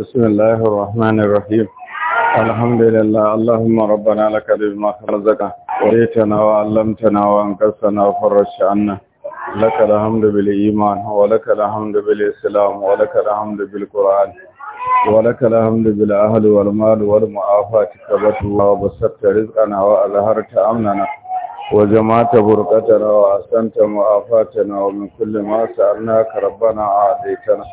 بسم الله الرحمن الرحيم الحمد لله اللهم ربنا لك بما خرزك وريتنا وعلمتنا وانقصنا وفرش عنا لك الحمد بالإيمان ولك الحمد بالإسلام ولك الحمد بالقرآن ولك الحمد بالأهل والمال والمعافاة كبت الله وبسطت رزقنا وأظهرت أمننا وجمعت بركتنا وأحسنت معافاتنا ومن كل ما سألناك ربنا عاديتنا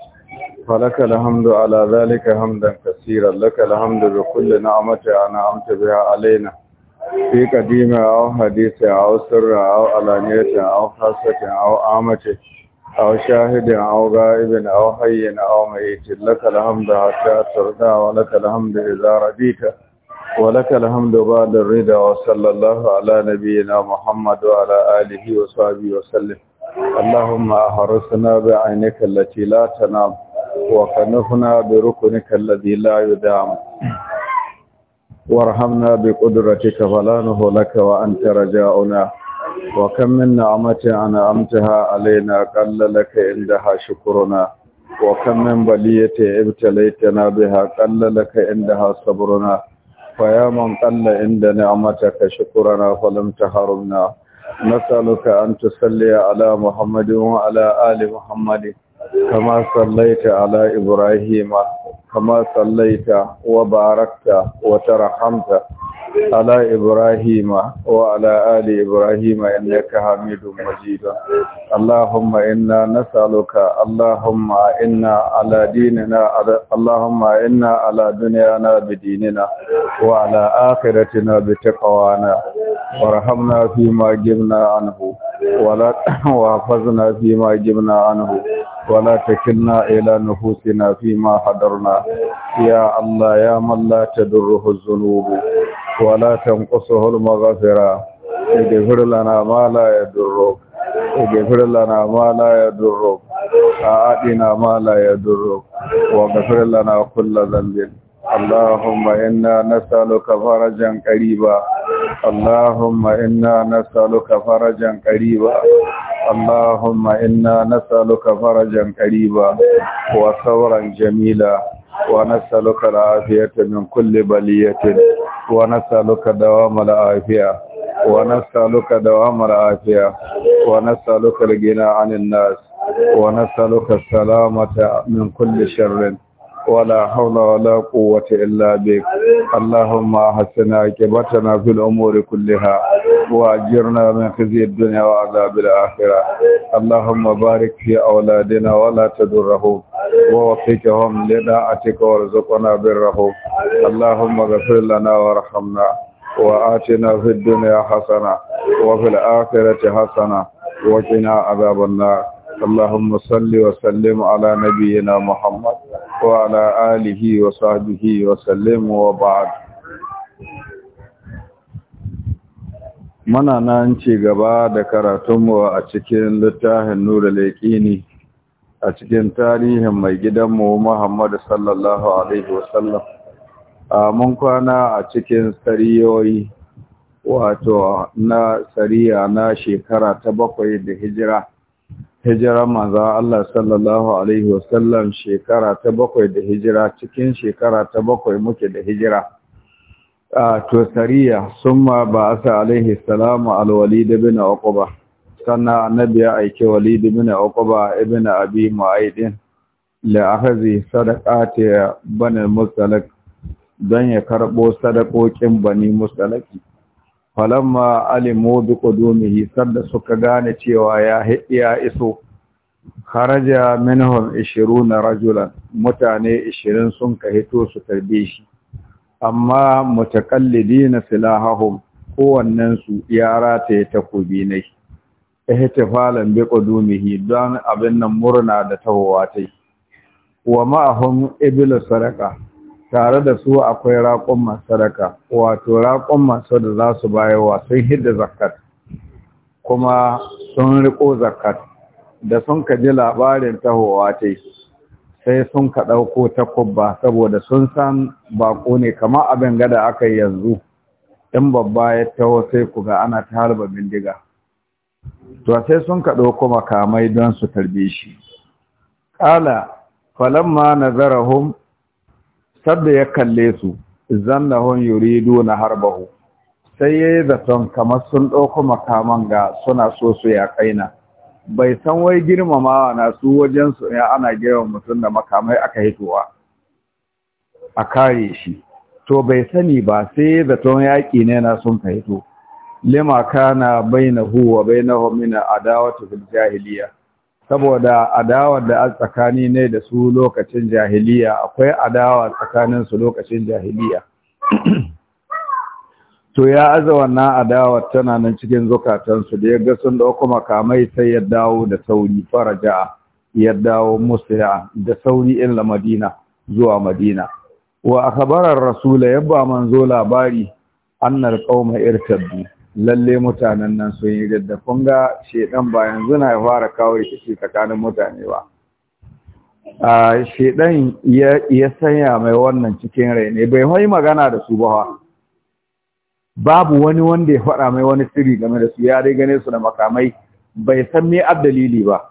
فلك الحمد على ذلك حمدا كثيرا لك الحمد بكل نعمة أنعمت بها علينا في قديمة أو حديثة أو سر أو علانية أو خاصة أو عامة أو شاهد أو غائب أو حي أو ميت لك الحمد حتى ترضى ولك الحمد إذا رضيت ولك الحمد بعد الرضا وصلى الله على نبينا محمد وعلى آله وصحبه وسلم اللهم أحرسنا بعينك التي لا تنام وكنفنا بركنك الذي لا يدام وارحمنا بقدرتك فلا نهلك وأنت رجاؤنا وكم من نعمة أنعمتها علينا قل لك عندها شكرنا وكم من بلية ابتليتنا بها قل لك عندها صبرنا فيا من قل عند نعمتك شكرنا فلم تحرمنا نسألك أن تصلي على محمد وعلى آل محمد كما صليت على إبراهيم كما صليت وباركت وترحمت على إبراهيم وعلى آل إبراهيم إنك حميد مجيد اللهم إنا نسألك اللهم إنا على ديننا اللهم إنا على دنيانا بديننا وعلى آخرتنا بتقوانا وارحمنا فيما جبنا عنه ولا وحفظنا فيما جبنا عنه ولا تكلنا إلى نفوسنا فيما حضرنا يا الله يا من لا تدره الذنوب ولا تنقصه المغفرة اغفر لنا ما لا يضرك اغفر لنا ما لا يضرك أعدنا ما لا يضرك واغفر لنا كل ذنب اللهم إنا نسألك فرجا قريبا اللهم إنا نسألك فرجا قريبا اللهم إنا نسألك فرجا قريبا وثورا جميلا ونسألك العافية من كل بلية ونسألك دوام العافية ونسألك دوام العافية ونسألك الغنى عن الناس ونسألك السلامة من كل شر ولا حول ولا قوة إلا بك اللهم حسنا عاقبتنا في الأمور كلها وأجرنا من خزي الدنيا وعذاب الآخرة اللهم بارك في أولادنا ولا تدرهم ووفقهم لداعتك وارزقنا برهم اللهم اغفر لنا وارحمنا وآتنا في الدنيا حسنة وفي الآخرة حسنة وقنا عذاب النار اللهم صل وسلم على نبينا محمد وعلى آله وصحبه وسلم وبعد Muna nan ci gaba da karatunmu a cikin littafin Nura Laikini a cikin tarihin mai gidanmu Muhammadu sallallahu Alaihi wasallam. A mun kwana a cikin sariyoyi wato na sariya na shekara ta bakwai da hijira. hijira manzo Allah sallallahu Alaihi wasallam shekara ta bakwai da hijira cikin shekara ta bakwai muke da hijira. A tosariya summa ba a Alaihi salamu alwalid ibn bina Okuba, sannan annabi ya aiki walid ibn bina ibn Abi Ma'aidin, la'akazi akhazi sadaqati banin Musalak don ya karɓo sadakokin bani Musalaki. falamma alimu bi qudumihi sanda suka gane cewa ya ya iso kharaja minhum 20 rajulan mutane 20 sun ka hito su tarbe shi amma mutakallidina silahahum kowannen su ya rataye takobi ne ihtifalan bi qudumihi don abin nan murna da tawowa tai wa ma'ahum iblu sadaqa tare da su akwai raƙon sadaka wato raƙon masu da za su bayarwa sun hidda zakat kuma sun riko zakat da sun ka ji labarin tahowa ce sai sun ka ɗauko takubba saboda sun san baƙo ne kama abin gada aka yi yanzu in babba ya taho sai ku ga ana ta harba bindiga to sai sun ka ɗauko makamai don su tarbe shi ƙala falamma nazarahum sadda ya kalle su zannahun yuridu na harbahu sai ya yi zaton kamar sun ɗauko makaman ga suna so su ya kaina bai san wai girmamawa na su wajensu ya ana girman mutum da makamai aka hitowa a kare shi to bai sani ba sai ya zaton yaƙi ne na sun ka hito lima kana bai na homina a adawati fil jahiliya saboda adawar da a tsakani ne da su lokacin jahiliya akwai adawa tsakanin su lokacin jahiliya to ya aza wannan adawar tana nan cikin zukatansu da ya ga sun dauko makamai sai ya dawo da sauri faraja ya dawo musaya da sauri in la madina zuwa madina wa akhbara rasula yabba manzo labari annal qauma irtaddu lalle mutanen nan sun yi ridda kun ga shedan ba yanzu na fara kawo rikici tsakanin mutane ba a shedan ya sanya mai wannan cikin rai ne bai hoyi magana da su ba babu wani wanda ya fara mai wani siri game da su ya dai gane su da makamai bai san me dalili ba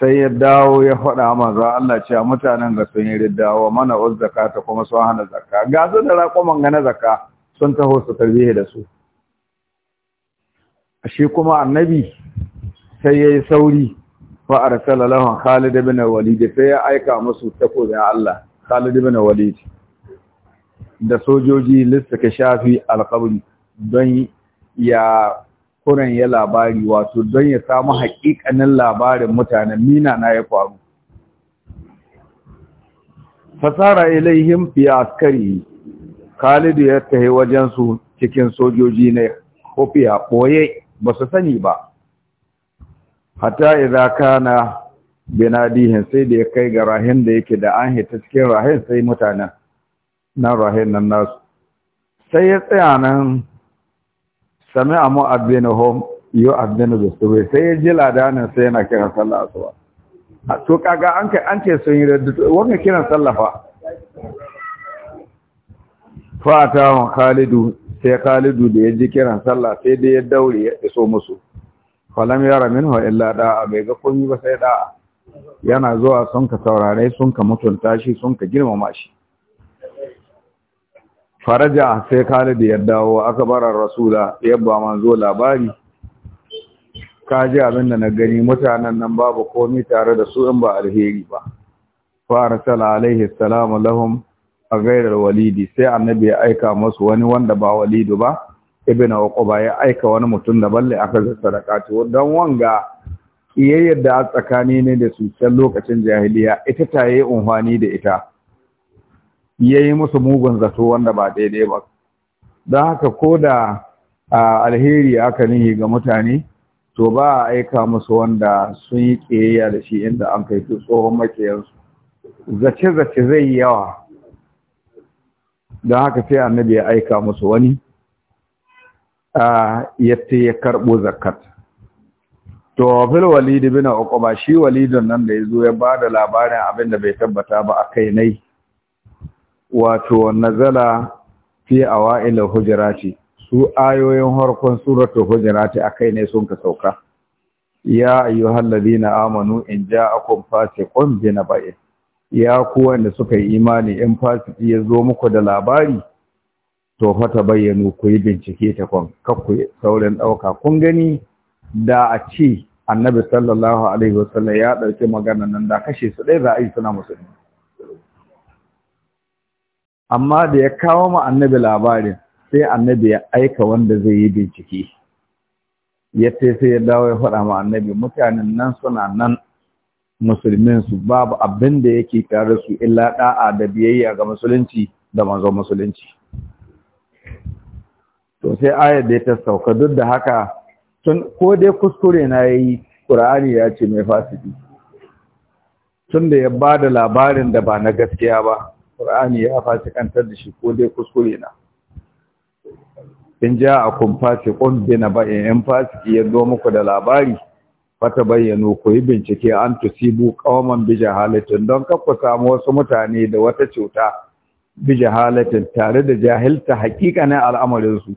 sai ya dawo ya faɗa manzo Allah cewa mutanen ga sun yi ridda mana uzzaka ta kuma sun hana zakka ga su da raƙuman ga na zakka sun taho su tarbihe da su shi kuma annabi sai yayi sauri fa arsala lahum Khalid ibn Walid sai ya aika musu da Allah Khalid ibn Walid da sojoji Lissa ka shafi alqabri don ya kuran ya labari wato don ya samu haƙiƙanin labarin mutane, mina na ya faru fasara ilaihim fi askari Khalidu ya tahi wajensu cikin sojoji ne kofiya ɓoye ba su sani ba hatta idza kana binadihin sai da ya kai ga rahin da yake da an hita cikin rahin sai mutanen nan rahin nan nasu sai ya tsaya nan sami a mu'addinuhum abinu da su sai ya ji ladanin sai yana kiran sallah asuba to kaga an kai an ce sun yi wannan kiran sallafa fa atahum khalidu sai khalidu da ya ji kiran sallah sai dai ya daure ya iso musu falam yara minhu illa da'a bai ga komai ba sai da'a yana zuwa sun ka saurare sun ka mutunta shi sun ka girmama shi faraja sai khalidu ya dawo aka bara rasula yabba manzo labari ka ji abin da na gani mutanen nan babu komai tare da su in ba alheri ba farsala alaihi salamu lahum a gairar walidi sai annabi ya aika masu wani wanda ba walidu ba ibn uquba ya aika wani mutum da balle aka ga sadaka to dan wanga kiyayyar da tsakani ne da su can lokacin jahiliya ita taye unhwani da ita yayi musu mugun zato wanda ba daidai ba dan haka ko da alheri aka nihi ga mutane to ba a aika musu wanda sun yi kiyayya da shi inda an kai su tsohon makiyansu zace-zace zai yi yawa don haka sai annabi ya aika musu wani yadda ya karɓo zakat to fil walid bin uqba shi walidun nan da yazo ya bada labarin abin da bai tabbata ba akai nai wato nazala fi awail hujurati su ayoyin harkon suratul hujurati akai ne sun ka sauka ya ayyuhal ladina amanu in ja'akum fasiqun bi naba'in ya ku wanda suka yi imani in fasiki ya zo muku da labari to fa ta bayyano ku yi bincike ta kwan kakku saurin ɗauka kun gani da a ce annabi sallallahu alaihi wasallam ya ɗauki magana nan da kashe su ɗaya za a yi suna musulmi amma da ya kawo ma annabi labarin sai annabi ya aika wanda zai yi bincike ya sai ya dawo ya faɗa ma annabi mutanen nan suna nan musulmin su babu abin da yake tare su illa da'a da biyayya ga musulunci da manzon musulunci to sai ayar da ta sauka duk da haka tun ko dai kuskure na yi, Qur'ani ya ce mai fasidi tun da ya bada labarin da ba na gaskiya ba Qur'ani ya fasikantar da shi ko dai kuskure na in ja a kun fasiqun bi naba'in in fasiki ya zo muku da labari fata bayyano ku yi bincike an tusibu kawaman bi jahalatin don kar ku samu wasu mutane da wata cuta bi jahalatin tare da jahilta hakikanin na su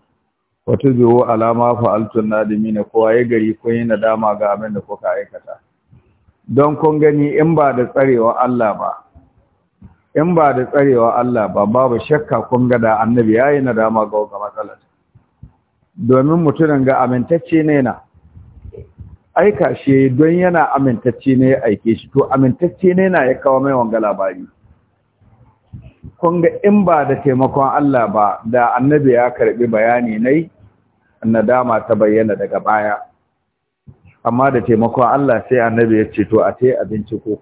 wata zuwa alama fa'altun nadimina kowa ya gari kun yi nadama ga abin da kuka aikata don kun gani in ba da tsarewa Allah ba in ba da tsarewa Allah ba babu shakka kun gada da annabi yi nadama ga ga matsalar domin mutumin ga amintacce ne aika shi don yana amintacce ne ya aike shi to amintacce ne na ya kawo mai wanga labari kun ga in ba da taimakon Allah ba da annabi ya karbi bayani nai nadama ta bayyana daga baya amma da taimakon Allah sai annabi ya ce to a tai abinci ko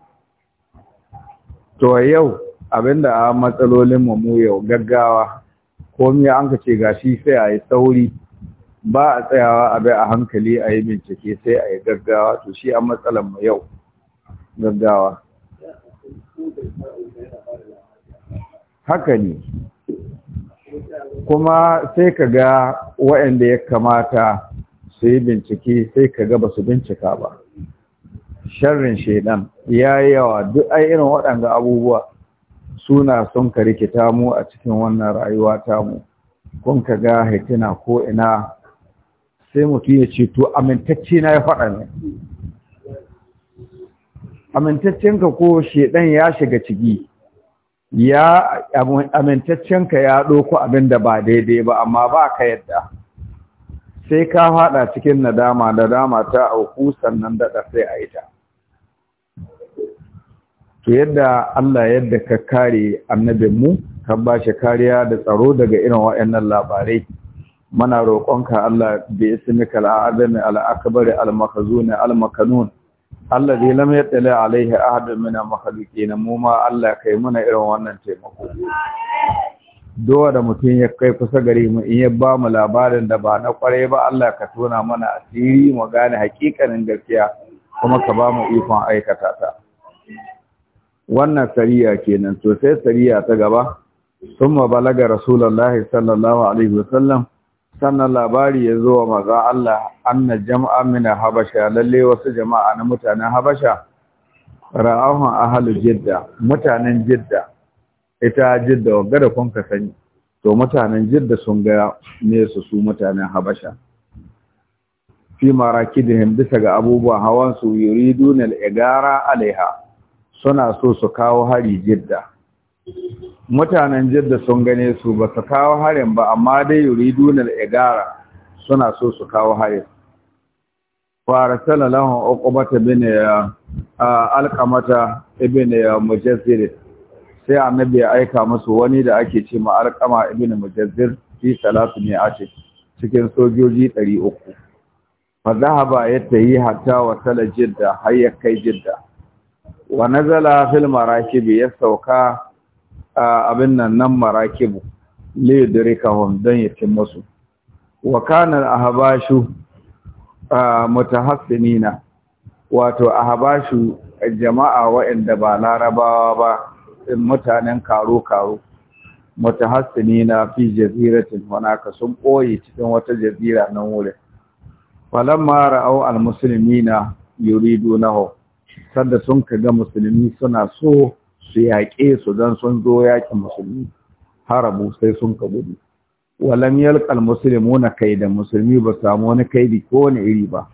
to yau abinda a matsalolin mu yau gaggawa komai an ka ce gashi sai ayi yi sauri ba a tsayawa a bai a hankali a yi bincike sai a yi gaggawa to shi a matsalar mu yau gaggawa haka ne kuma sai ka ga waɗanda ya kamata su yi bincike sai ka ga ba su bincika ba sharrin shaidan ya yi yawa duk ai irin waɗanda abubuwa suna sun ka rikita mu a cikin wannan rayuwa mu, kun ka ga hitina ko ina sai mutum ya ce to amintacce na ya faɗa ne amintaccenka ko shedan ya shiga ciki ya amintaccenka ya ɗoko abin da ba daidai ba amma ba ka yadda sai ka faɗa cikin nadama nadama ta auku sannan daɗa sai a ita to yadda Allah yadda ka kare annabinmu ka ba shi kariya da tsaro daga irin waɗannan labarai muna roƙonka Allah bi ismikal al al-akbar al-makhzun al-makanun alladhi lam yatla alayhi ahad min al-makhluqin mu ma Allah kai muna irin wannan taimako dowa da mutum ya kai kusa gare mu in ya ba mu labarin da ba na kware ba Allah ka tona mana asiri mu gane hakikanin gaskiya kuma ka ba mu ikon aikata ta wannan sariya kenan to sai sariya ta gaba ثم balaga rasulullahi sallallahu alaihi wasallam sannan labari ya zo wa maza Allah anna jama'a mina habasha lalle wasu jama'a na mutanen habasha ra'ahun ahalu jidda mutanen jidda ita jidda wagga da kun sani to mutanen jidda sun ga ne su su mutanen habasha fi hin bisa ga abubuwa, hawan su igara alaiha suna so su kawo hari jidda mutanen jidda sun gane su ba su kawo harin ba amma dai yuridunar igara suna so su kawo harin faratala lahun uqbata bin uh, alqamata ibn mujazzir sai annabi ya aika musu wani da ake ce ma alkama ibn mujazzir fi salatu mi'ati cikin sojoji 300 fa zahaba yi hatta wasala jidda har ya kai jidda wa nazala fil marakibi ya sauka abin nan nan marakibu liyudrikahum don ya cin musu wa kana ahbashu mutahassinina wato ahbashu jama'a waɗanda ba larabawa ba mutanen karo karo mutahassinina fi jaziratin wanaka sun ɓoye cikin wata jazira nan wurin musulmi na almuslimina yuridunahum sanda sun kaga musulmi suna so su yaƙe su don sun zo yaƙin musulmi harabu sai sun ka gudu walam yalqal muslimuna da musulmi ba samu wani kaidi ko wani iri ba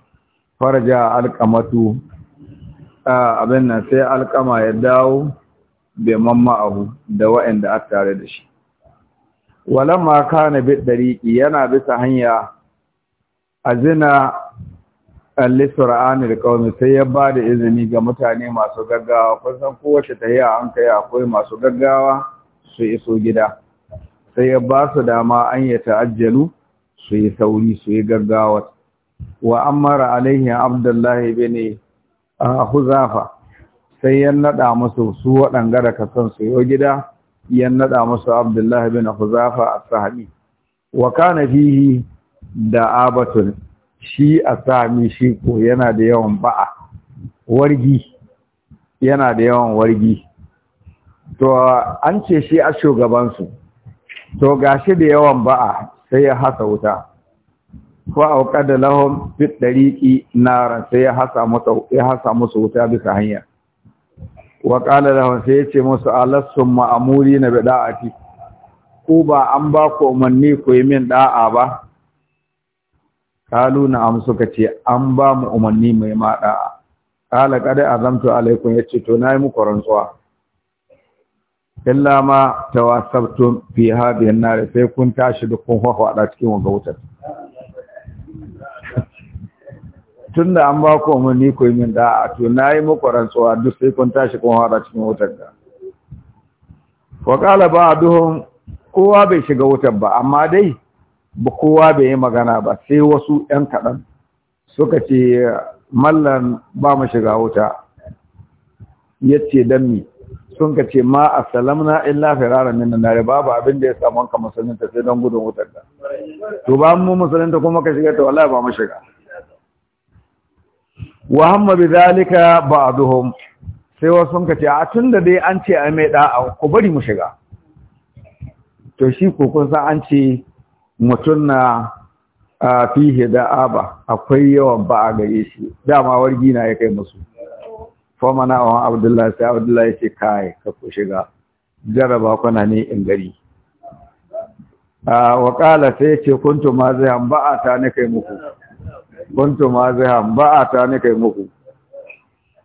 faraja alqamatu abin nan sai alqama ya dawo bai mamma'ahu da wa'anda a tare da shi walamma kana bi dariqi yana bisa hanya azina al-sur'anil qaumi sai ya ba da izini ga mutane masu gaggawa kun san kowace yi a kai akwai masu gaggawa su iso gida sai ya ba su dama an yi ta'ajjalu su yi sauri su yi gaggawa wa amara alaihi abdullahi bin huzafa sai ya nada musu su waɗanga da ka san su yi gida ya naɗa musu abdullahi bin huzafa as-sahabi wa kana fihi da abatun shi a sami shi ko yana da yawan ba'a wargi yana da yawan wargi to an ce shi a shugabansu to gashi da yawan ba'a sai ya hasa wuta Ko auqada lahum fi dariqi naran sai ya hasa musu ya hasa musu wuta bisa hanya wa qala lahum sai yace musu alassum ma'amuri na bida'ati ku ba an ba ku umanni ku yi min da'a ba kalu na am suka ce an ba mu umarni mai mada kala kada azamtu alaikum yace to nayi muku rantsuwa illa ma tawassabtum fi hadhihi an-nar sai kun tashi duk kun da cikin wanga wutar tunda an ba ku umarni ku yi min da to nayi muku rantsuwa duk sai kun tashi kun da cikin wutar da wa qala ba'duhum kowa bai shiga wutar ba amma dai ba kowa bai yi magana ba sai wasu ‘yan kaɗan suka ce mallan ba mu shiga wuta ya ce don mi sun ka ce ma a salamna illa firara na riba ba abin da ya samu ka musulunta sai don gudun wutar da to ba mu musulunta kuma ka shiga ta wallahi ba mu shiga wa hamma bi zalika ba'dhum sai wasu sun ka ce a tunda dai an ce a mai da'a ku bari mu shiga to shi ko kun san an ce mutum na a fihe da aba akwai yawan ba a gare shi dama wargi na ya kai musu fama na awon abdullahi sai abdullahi ce kai ka ku shiga jaraba kuna ne in gari wa kala sai ya ce kuntu ma zai a ta ne kai muku kuntu ma zai hamba a ta ne kai muku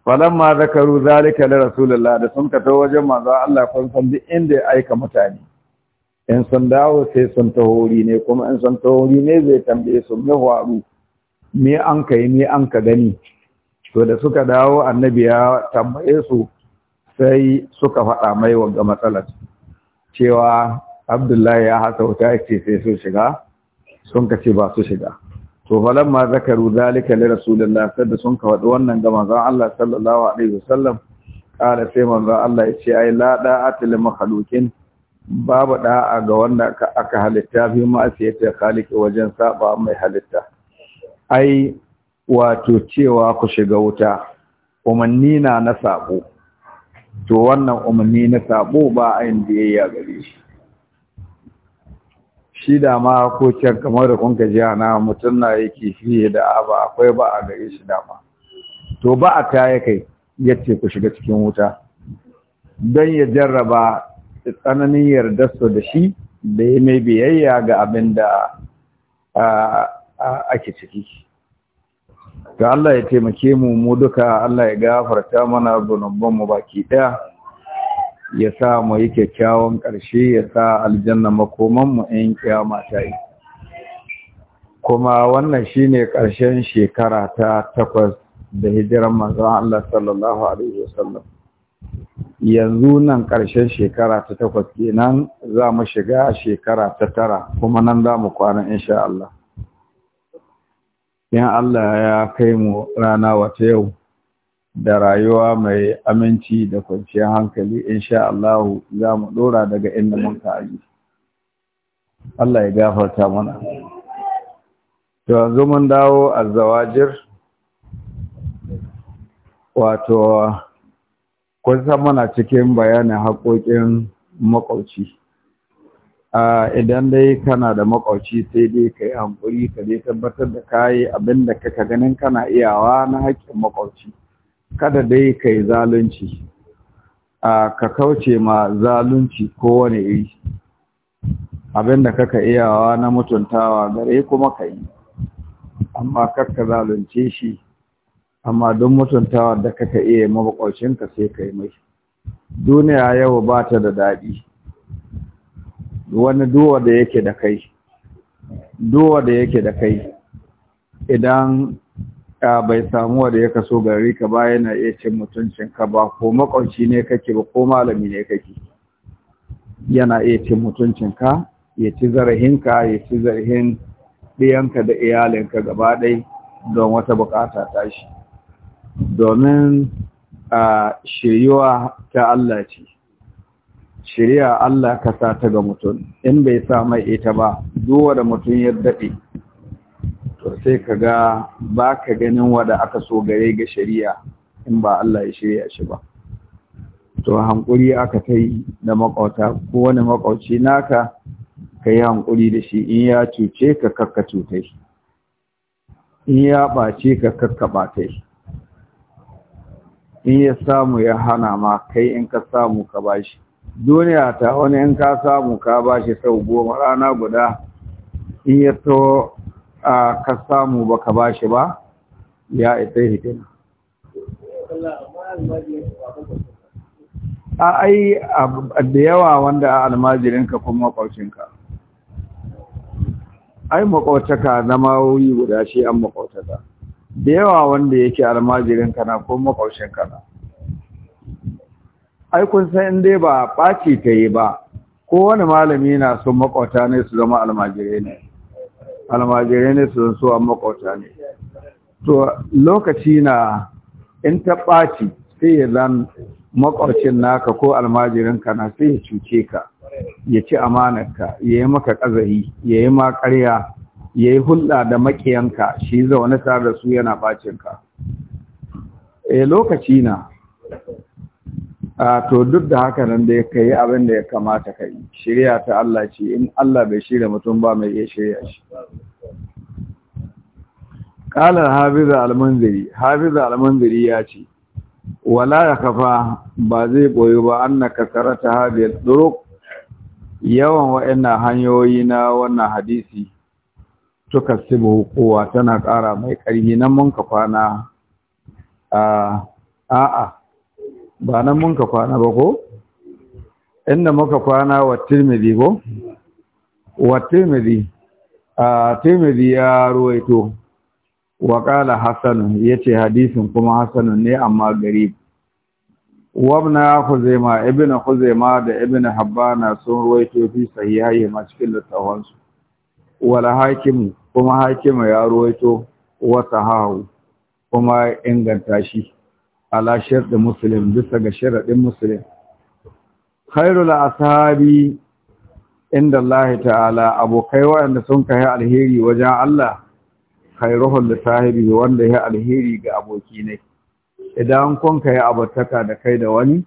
ma zakaru zalika na rasulallah da sun ka wajen manzo Allah kun san duk inda ya aika mutane in sun dawo sai sun tahori ne kuma in sun ne zai tambaye su mai faru me an kai me an ka gani to da suka dawo annabi ya tambaye su sai suka faɗa mai wanga matsalar cewa abdullahi ya hasa wuta ce sai sun shiga sun ka ce ba su shiga to ma zakaru zalika li rasulillah da sun ka faɗi wannan ga manzon Allah sallallahu alaihi wasallam ƙara sai manzon Allah ya ce ai la da'atil makhluqin babu da'a ga wanda aka halitta fi ma'asiyatar khaliki wajen saba mai halitta ai wato cewa ku shiga wuta umarni na na sabo to wannan umarni na sabo ba a yin biyayya gare shi shi da ma ko can kamar da kun gaji na mutum na yake fiye da ba akwai ba a gare shi dama to ba a ta ya kai yace ku shiga cikin wuta don ya jarraba tsananin yarda su da shi da ya mai biyayya ga abin da ake ciki ga Allah ya taimake mu mu duka Allah ya gafarta mana mu baki ɗaya ya sa mu yi kyakkyawan ƙarshe ya sa aljanna mu ‘yan kyama ta yi kuma wannan shine ƙarshen shekara ta takwas da hijiran manzon Allah sallallahu Alaihi wasallam yanzu nan ƙarshen shekara ta takwas kenan za mu shiga shekara ta tara kuma nan za mu kwana insha Allah. In Allah ya kai mu rana wata yau da rayuwa mai aminci da kwanciyar hankali insha Allah za mu ɗora daga inda mun ka aji. Allah ya gafarta mana. Yanzu mun dawo a zawajir wato kun san muna cikin bayanin haƙoƙin makwauci idan dai kana da makwauci sai dai ka yi hankuri ka dai tabbatar da kayi abin da kaka ganin kana iyawa na haƙƙin makwauci kada dai ka yi zalunci ka kauce ma zalunci kowane iri abin da kaka iyawa na mutuntawa gare kuma ka yi amma kakka zalunce shi amma don mutuntawa da kaka iya mabakwaucinka sai ka yi mai duniya yau ba ta da daɗi wani duwa da yake da kai duwa da yake da kai idan bai samu wanda ya kaso gari ka ba yana iya cin mutuncinka ba ko makwanci ne kake ba ko malami ne kake yana iya cin ka, ya ci zarahinka ya ci zarahin ɗiyanka da iyalinka gaba ɗai don wata bukata tashi domin a shiriwa ta Allah ce shiriya Allah ka sa ta ga mutum in bai sa mai ita ba duwa da mutum ya daɗe to sai ka ga ba ka ganin wada aka so gare ga shari'a in ba Allah ya shirya shi ba to hankuri aka ta yi da makauta ko wani makauci naka ka yi hankuri da shi in ya cuce ka kakka cutai in ya ɓace ka kakka ɓatai in ya samu ya hana ma kai in ka samu ka bashi duniya ta wani in ka samu ka bashi sau goma rana guda in ya to ka samu ba ka bashi ba ya ita hitina a ai da yawa wanda a almajirinka kuma makwacinka ai makwataka zama wuyi guda shi an makwataka da yawa wanda yake almajirin kana ko makaushin kana ai kun san in dai ba ɓaci ta yi ba ko wani malami na son makauta ne su zama almajire ne almajire ne su so an ne to lokaci na in ta ɓaci sai ya zan makwacin naka ko almajirin kana sai ya cuce ka ya ci amanarka ya yi maka ƙazahi ya yi ma ƙarya ya yi hulɗa da makiyanka shi zaune tare da su yana bacinka e eh, lokaci na a to duk da haka nan da ya kai abin da ya kamata ka yi shirya ta Allah ce in Allah bai shirya mutum ba mai iya shirya shi ƙalar Habiza almanziri Habiza almanziri ya ce wala ya kafa ba zai boyi ba an na kasarata ta hafiyar yawan wa'annan hanyoyi na wannan hadisi tukasibu kowa tana ƙara mai ƙarfi nan mun ka kwana a'a ba nan mun ka kwana ba ko inda muka kwana wa tirmidhi ko wa tirmidhi a tirmidhi ya ruwaito wa qala hasan yace hadisin kuma hasan ne amma wa ibn khuzaimah ibn khuzaimah da ibn habbana sun ruwaito fi sahihayi ma cikin littafansu wala hakimu kuma Hakima ya ruwaito wata hahu kuma inganta shi ala shirɗin musulun bisa ga sharaɗin musulun khairul ashabi inda Allah ta'ala abokai waɗanda sun kai alheri wajen Allah khairuhul sahibi wanda ya alheri ga aboki ne idan kun kai abataka da kai da wani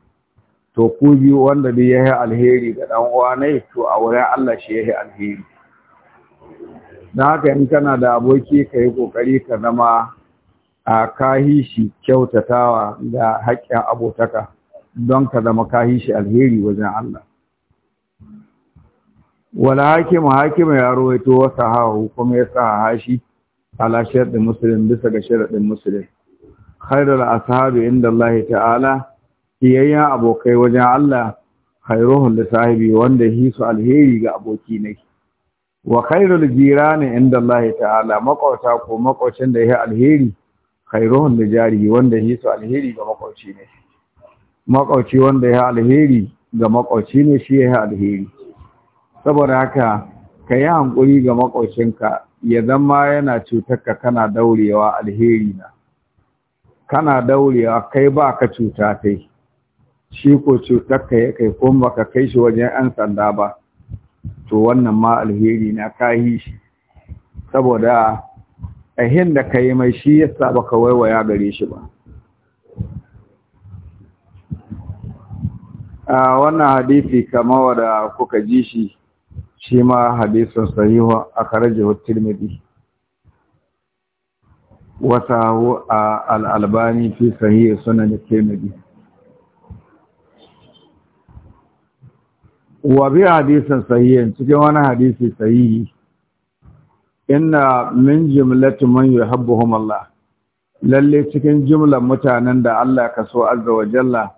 to ku biyu wanda dai ya alheri ga ɗan'uwa uwa ne to a wurin Allah shi ya alheri don haka in kana da aboki ka yi ƙoƙari ka zama a kahi shi kyautatawa da haƙƙin abotaka don ka zama kahi shi alheri wajen Allah. Wala hakima hakima ya rawaito wasa hawa kuma ya sa hashi ala sharaɗin musulun bisa ga sharaɗin musulun. Khairul ashabi inda Allah ta'ala kiyayyen abokai wajen Allah khairuhun da sahibi wanda hisu alheri ga aboki nake. wa khairul jirani inda Allah ta'ala makauta ko makwaucin da yake alheri khairuhun da jari wanda yake so alheri ga makauci ne makauci wanda yake alheri ga makauci ne shi yake alheri saboda haka ka yi hankuri ga makwaucinka ya zama yana cutarka kana daurewa alheri na kana daurewa kai ba ka cuta kai shi ko cutarka ya kai kuma ka kai shi wajen 'yan sanda ba to wannan ma alheri na kahi shi saboda ahin da ka yi mai shi yasa baka waiwaya gare shi ba a wannan hadisi kama wada kuka ji shi shi ma hadisun sahihu a karaje tirmidhi wata a al'albani fi sahihu sunan tirmidhi wa bi hadisin sahihin cikin wani hadisi sahihi inna min jumlatu man yuhibbuhum Allah lalle cikin jumlar mutanen da Allah ka so azza wa jalla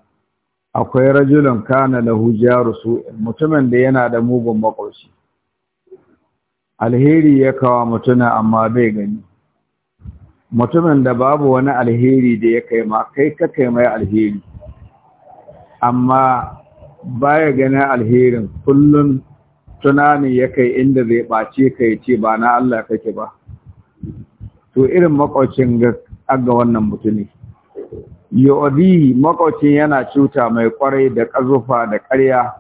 akwai rajulun kana lahu jaru su mutumin da yana da mugun makoshi alheri ya kawo mutuna amma bai gani mutumin da babu wani alheri da ya kai ma kai ka kai mai alheri amma baya ganin alherin kullun tunani ya kai inda zai ɓace ka ya ce ba na Allah kake ba to irin makwacin ga aga wannan mutumi yodi makwacin yana cuta mai kwarai da ƙazufa da ƙarya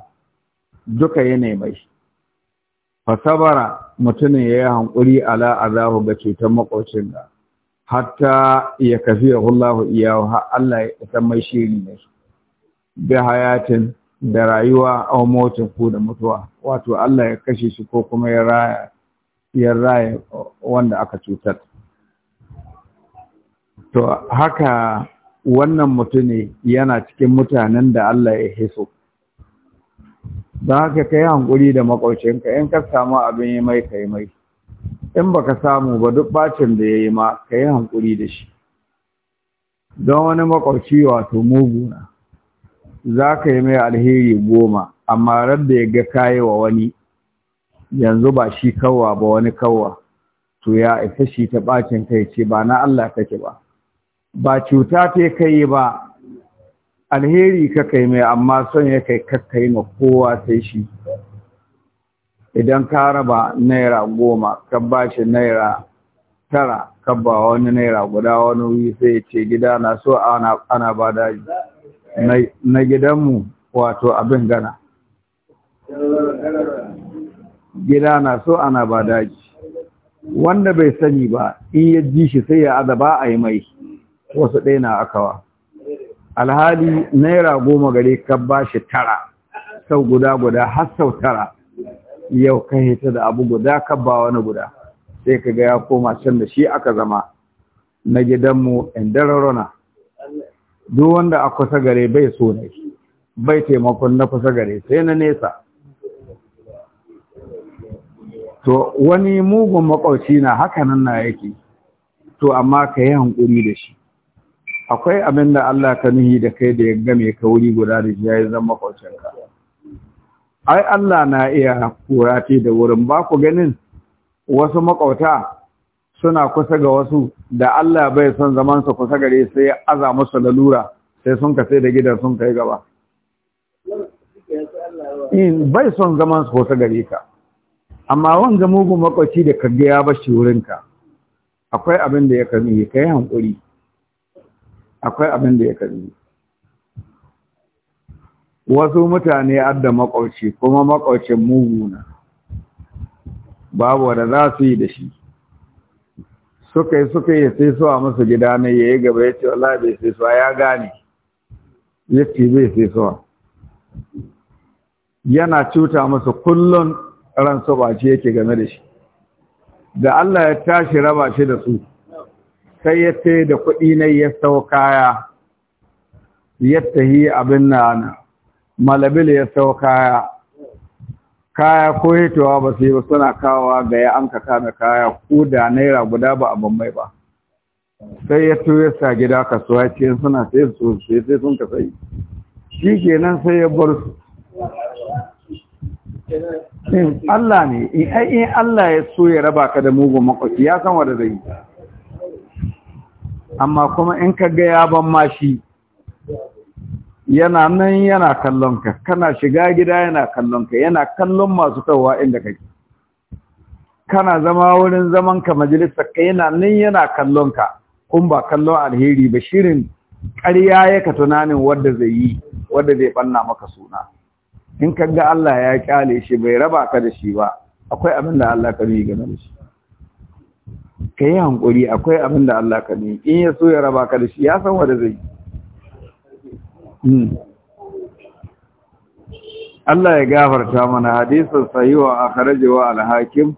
duka yana mai fasabara mutumin ya yi hankuri ala azahu ga cutar makwacin ga hatta ya kafi ya hullahu iyahu har Allah ya san mai shiri ne bi hayatin da rayuwa a mota ku da mutuwa wato Allah ya kashe shi ko kuma ya raya ya raya wanda aka cutar to haka wannan mutune yana cikin mutanen da Allah ya hiso don haka ka yi hankuri da makwaucinka in ka samu abin yi mai ka yi mai in ba ka samu ba duk bacin da ya yi ma ka yi hankuri da shi don wani makwauci wato muguna za ka yi mai alheri goma amma randa ya ga kayi wa wani yanzu ba shi kawwa ba wani kawwa to ya isa shi ta bacin kai ce ba na Allah kake ba ba cuta ta kai ba alheri ka kai mai amma son ya kai kakkai ma kowa sai shi idan ka raba naira goma ka bashi naira tara kabba wani naira guda wani wuri sai ce gida na so ana ba daji na gidanmu wato abin gana gida na so ana ba daji wanda bai sani ba in ya ji shi sai ya azaba a yi mai wasu ɗaya na akawa alhali naira goma gare ka ba shi tara sau guda guda har sau tara yau ka hita da abu guda ka ba wani guda sai ka ga ya koma can da shi aka zama na gidanmu in dararona duk wanda a kusa gare bai so ne bai taimakon na kusa gare sai na nesa to wani mugun makwauci na hakanan na yake to amma ka yi hankuri da shi akwai abin da Allah ka nuhi da kai da ya game ka wuri guda da shi ya yi zan makwaucinka ai Allah na iya kurati da wurin ba ku ganin wasu makwauta suna kusa ga wasu da Allah bai son zaman su kusa gare sai ya aza musu lalura sai sun ka da gidan sun kai gaba in bai son zaman su kusa gare ka amma wanga mugun makwaci da kage ya bashi wurinka akwai abin da ya kami kai hankuri akwai abin da ya kami wasu mutane adda makwaci kuma makwaucin muguna babu wanda za su yi da shi suka yi suka yi sai suwa musu gida ne ya yi gaba ya ce wala bai sai suwa ya gane ya ce bai sai suwa yana cuta musu kullum ran ce yake game da shi da Allah ya tashi raba shi da su sai ya ce da kuɗi na ya sau kaya yadda abin na malabil ya sau kaya kaya ko hitowa ba sai ba suna kawowa ga ya amka kame kaya ko da naira guda ba a bambai ba sai ya tuyo sa gida kasuwa ce suna sai su sai sun ka sai shi kenan sai ya bar su Allah ne in Allah ya so ya raba ka da mugun makwaki ya san wanda zai amma kuma in ka ga ya ban ma shi yana nan yana kallon ka kana shiga gida yana kallon ka yana kallon masu tawa inda kake kana zama wurin zaman ka majalisar ka yana nan yana kallon ka kun ba kallon alheri ba shirin ƙarya ya ka tunanin wanda zai yi wanda zai banna maka suna in ka ga Allah ya kyale shi bai raba ka da shi ba akwai abin da Allah ka yi game da shi ka yi hankuri akwai abin da Allah ka yi in ya so ya raba ka da shi ya san wanda zai yi Hmm. Allah ya gafarta mana hadisin sahiwa wa al alhakim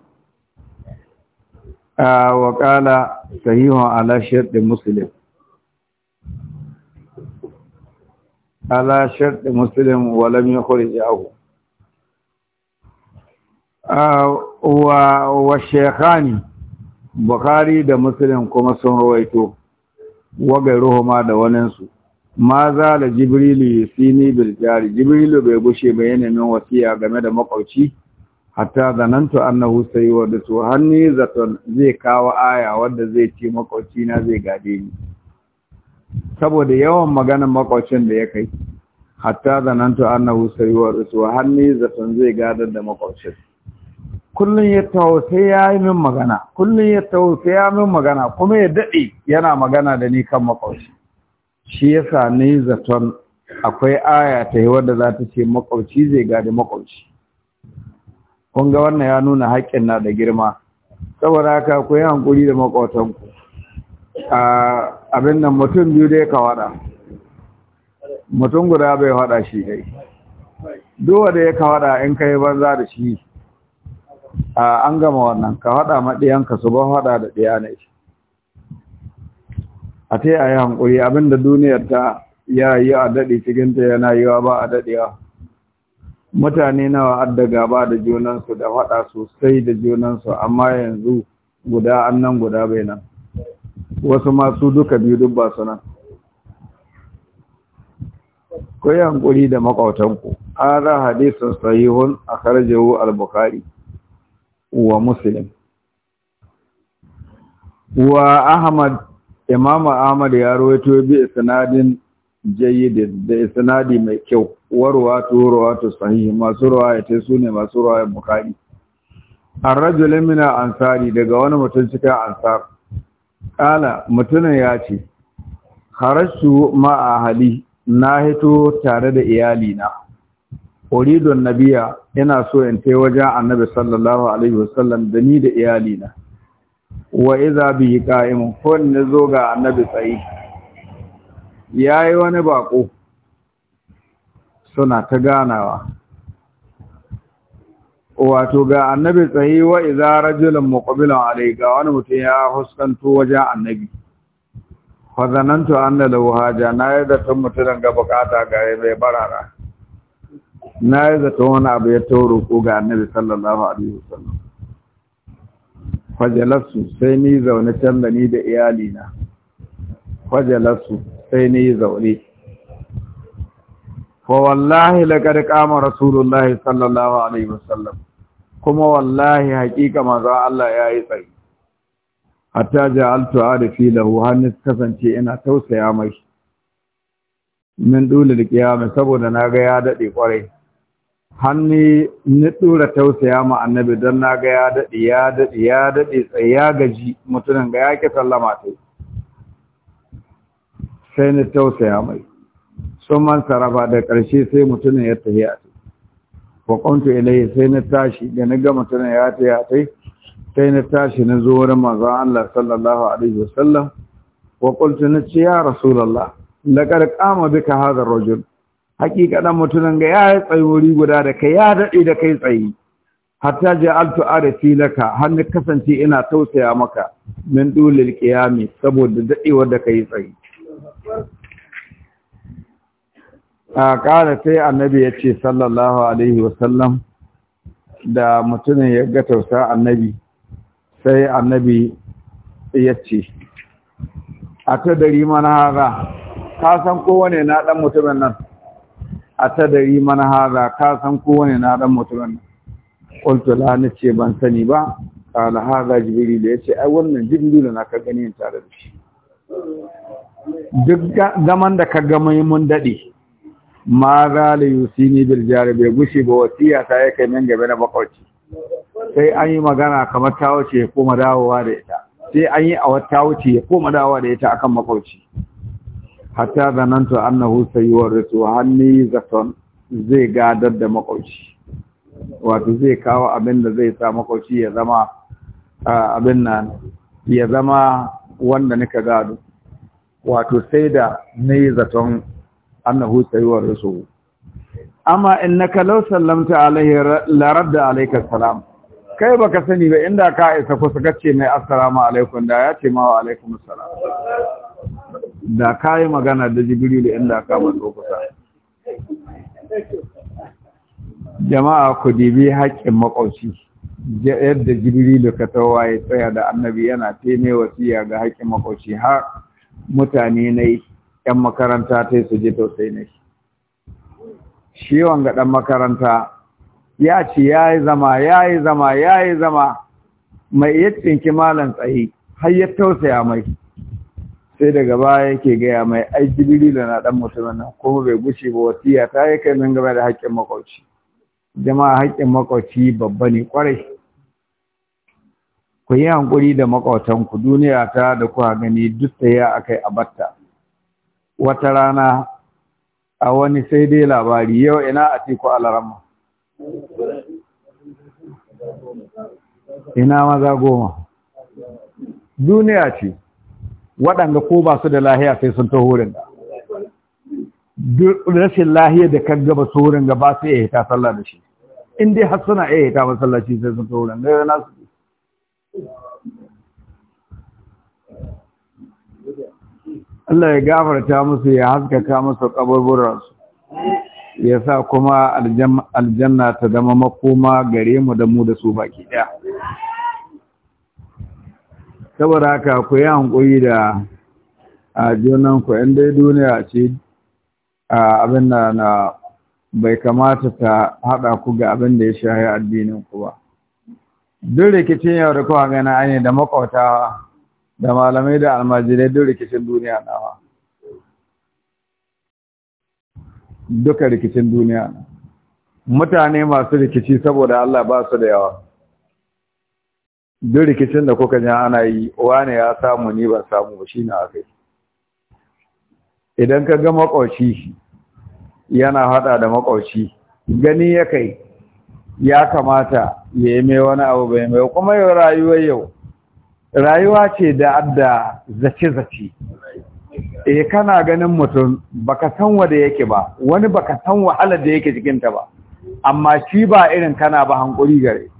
ah, wa kala wa ala shaɗin musulun ala ah, shaɗin musulun wa ya kuri yahu wa shekhani Bukhari da musulun kuma sun rawaito wagairuhu ma da su. ma za da jibrilu yusini ni jari jibrilu bai gushe ba yanayin wasiya game da makwauci hatta zanantu annahu sayyidatu hanni zaton zai kawo aya wadda zai ce makwauci na zai gade ni saboda yawan maganar makwaucin da ya kai hatta zanantu annahu sayyidatu hanni zaton zai gadar da makwaucin kullun ya taho sai ya yi min magana kullun ya taho sai ya min magana kuma ya daɗe yana magana da ni kan makwabci shi yasa ne zaton akwai aya ta yi wadda za ta ce makwauci zai gadi makwauci kun ga wannan ya nuna haƙƙin na da girma saboda haka ku yi hankuri da makwautanku abin nan mutum biyu dai ka waɗa mutum guda bai waɗa shi dai duwa da ya ka waɗa in ka yi banza da shi an gama wannan ka waɗa maɗiyanka su ba waɗa da ɗiya ne a ta yi hankuri da duniyar ta ya yi a daɗe cikinta yana yiwa ba a daɗewa mutane nawa adda gaba da junansu da faɗa sosai da junansu amma yanzu guda nan guda bai nan wasu masu duka biyu duk ba su nan ku yi hankuri da makwautanku an ra hadisun sahihun a karjewu al-bukhari wa muslim wa ahmad imamu ahmad ya rawaito bi isnadin jayyid da isnadi mai kyau warwatu rawatu sahih masu ruwaya ta sune masu ruwaya bukhari ar-rajul min ansari daga wani mutum cikin ansar kala mutumin ya ce kharashu ma ahli na hito tare da iyali na uridun nabiya ina so in tai wajen annabi sallallahu alaihi wasallam da ni da iyali na wa iza bihi qa'im kun zo ga annabi tsayi yayi wani bako suna ta ganawa wato ga annabi tsayi wa iza rajulun muqbilun alayka wani mutum ya huskanto wajen annabi fa zanantu anna lahu haja na yadda tun mutum ga bukata ga mai barara na yadda tun wani abu ya tauro ko ga annabi sallallahu alaihi wasallam fajalasu sai ni zaune can da ni da iyalina fajalasu sai ni zaune fa wallahi laqad qama rasulullahi sallallahu alaihi wasallam kuma wallahi hakika manzo Allah ya yi tsari hatta ja'altu arifi lahu hannis kasance ina tausaya mai min dole da kiyama saboda na ga ya dade kwarai hannu ni dora tausaya ma annabi don na ga ya daɗi ya daɗi ya daɗi tsaye ya gaji mutumin ga ya ke sallama ta sai ni tausaya mai sun man sarrafa da ƙarshe sai mutumin ya tafi a ta wa ƙuntu ilai sai na tashi da na ga mutumin ya tafi a ta sai na tashi na zo wurin manzon Allah sallallahu alaihi wasallam wa qultu na ce ya rasulullah laqad qama bika hadha ar-rajul hakikanin mutumin ga ya yi wuri guda da kai ya daɗe da kai tsaye hatta altu arifi laka har ni kasance ina tausaya maka min dulil qiyami saboda dadewar da kai tsayi a kara sai annabi ya ce sallallahu alaihi wasallam da mutumin ya ga tausa annabi sai annabi ya ce a ta dari mana haza ka san kowane na ɗan mutumin nan a tadari mana haza ka san kowane na dan mutumin qultu la ce ban sani ba qala haza jibril yace ai wannan jibril na ka gani tare da shi duk zaman da ka ga mai mun dade ma za la yusini bil jarabe gushi ba wasiya ta yake min gaba na bakauci sai an yi magana kamar ta wuce ya koma dawowa da ita sai an yi a wata wuce ya koma dawowa da ita akan makauci hatta zanantu annahu sayuwarrisu hanni zakon zai gadar da makauci wato zai kawo abin da zai sa makauci ya zama abin nan ya zama wanda nika gado wato sai da ni zaton annahu sayuwarrisu amma innaka law sallamta alaihi la radda alayka salam kai baka sani ba inda ka isa su gace mai assalamu alaikum da ya ce ma wa alaikum assalam da ka yi magana da jibrilu inda ka matso kusa jama'a ku dibi haƙƙin makwauci yadda jibrilu ka tawa ya tsaya da annabi yana teme wasiya ga haƙƙin makwauci har mutane na yi yan makaranta ta su je tausayi na shi wanga ɗan makaranta ya ce ya yi zama ya yi zama ya yi zama mai tsinki malam tsaye har ya tausaya mai sai daga baya yake gaya mai ai da na dan mutumin nan kuma bai gushe ba wasiya ta yi kai min gaba da haƙƙin makwabci. jama'a haƙƙin makwabci babba ne kwarai ku yi hankuri da ku duniya ta da kuka gani duk ta ya a kai a batta wata rana a wani sai dai labari yau ina a tiku alarama ina maza goma duniya ce waɗanda ko ba su da lahiya sai sun taho da rashin lahiya da kan gaba su ga ba su iya hita sallah da shi in dai har suna iya hita masallaci sai sun taho ringa yana nasu. Allah ya gafarta musu ya haskaka musu kaburburansu ya sa kuma aljanna ta zama makoma gare mu da mu da su baki ɗaya. saboda haka ku yi hankuri da a junan in dai duniya ce a abin da na bai kamata ta haɗa ku ga abin da ya shahi addininku ba duk rikicin yau da kowa gana an yi da makwautawa da malamai da almajirai duk rikicin duniya nawa duka rikicin duniya mutane masu rikici saboda Allah ba su da yawa duk rikicin da kuka ji ana yi ne ya samu ni ba samu ba shi aka akai idan ka ga makwauci yana hada da makwauci gani ya kai ya kamata ya yi mai wani abu bai mai kuma yau rayuwar yau rayuwa ce da adda zace-zace eh kana ganin mutum baka san wanda yake ba wani baka san wahalar da yake cikinta ba amma shi ba irin kana ba hankuri gare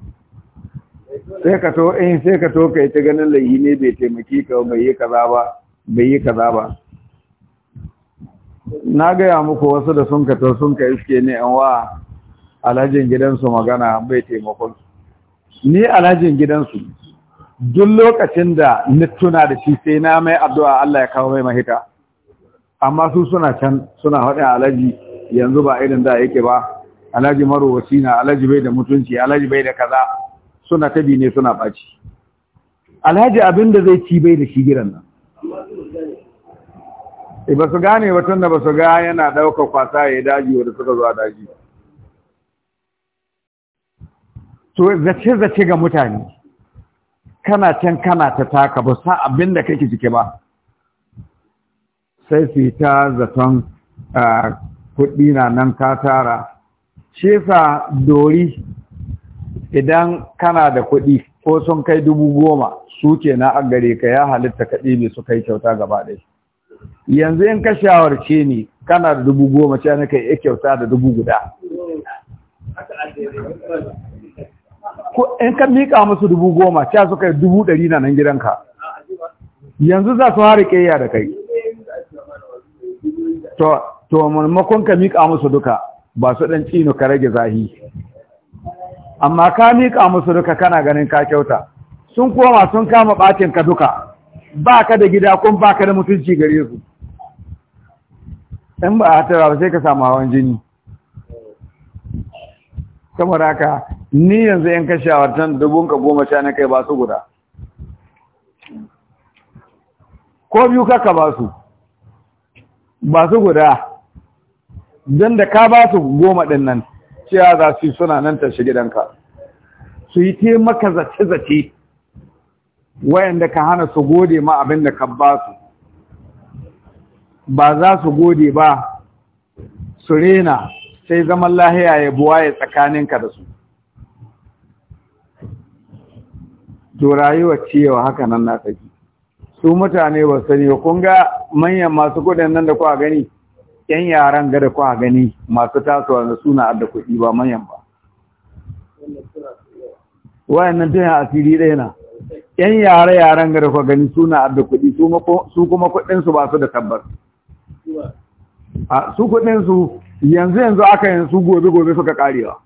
sai ka to in eh, sai ka to kai ta ganin layi ne bai taimaki ka bai yi kaza ba bai yi kaza ba na gaya muku wasu da sun ka to sun ka iske ne an wa alhajin gidansu magana bai taimakon ni alhajin gidansu duk lokacin da ni tuna da shi sai na mai addu'a Allah ya kawo mai mahita amma su suna can suna haɗa alhaji, yanzu ba irin da yake ba alaji maro na alaji bai da mutunci alaji bai da kaza suna tabi ne suna ɓaci alhaji abin da zai ci bai da shi giran nan eh, ba su gane watan da ba su ga yana ɗaukar kwasa ya daji wadda suka zuwa daji to zace-zace ga mutane kana can kana ta taka ba sa abin da kake jike ba sai su yi ta zaton ah, kuɗi na nan ka tara shi dori idan kana da kuɗi ko sun kai dubu goma su ke na gare ka ya halitta ka ɗebe su kai kyauta gaba ɗaya yanzu in ka shawarce ni kana da dubu goma ce na kai ya kyauta da dubu guda in ka miƙa musu dubu goma ce su kai dubu ɗari na nan gidanka yanzu za su hari ƙeya da kai to maimakon ka miƙa musu duka ba su ɗan tsino ka rage zahi amma ka miƙa musu duka kana ganin ka kyauta sun koma sun kama ɓacin ka duka ba ka da gida kun ba ka da mutunci gare su ɗan ba a tara ba sai ka samu hawan jini Kamar haka ni yanzu yan kashe a wartan dubun ka goma sha na kai ba su guda ko biyu kaka ba su ba su guda don da ka ba su goma ɗin nan cewa za su yi suna nan tashi gidanka su yi taimaka zace-zace wayanda ka hana su gode ma abin da ka ba su ba za su gode ba su rena sai zaman lahiya ya buwa ya tsakaninka da su to rayuwar cewa haka nan na tafi su mutane ba sani kun ga manyan masu kudin nan da kuwa gani yan yaran gada kwa gani masu tasowa da suna da kuɗi ba manyan ba wayannan tun asiri ɗaya na yan yare yaran gada kwa gani suna da kuɗi su kuma kuɗinsu ba su da tabbas su kuɗinsu yanzu yanzu aka yin su gobe gobe suka ƙarewa.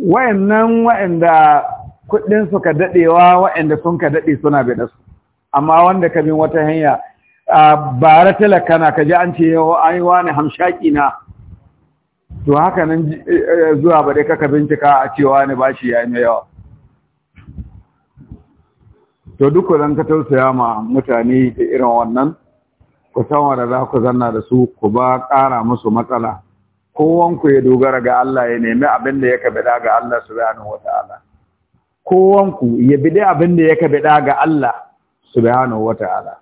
wayannan wayanda kuɗinsu ka daɗewa wa'anda sun ka daɗe suna bai dasu. amma wanda ka bin wata hanya bara talaka na kaji an ce yau ai wani hamshaki na to haka nan e, e, zuwa ba dai kaka bincika a cewa ne ba shi yayi yawa to duk zan ka tausaya ma mutane da irin wannan ku san wanda za ku zanna da su ku ba ƙara musu matsala kowanku ya dogara ga Allah ya nemi abin da ya kabida ga Allah subhanahu wataala kowanku ya bidi abin da ya kabida ga Allah subhanahu wata'ala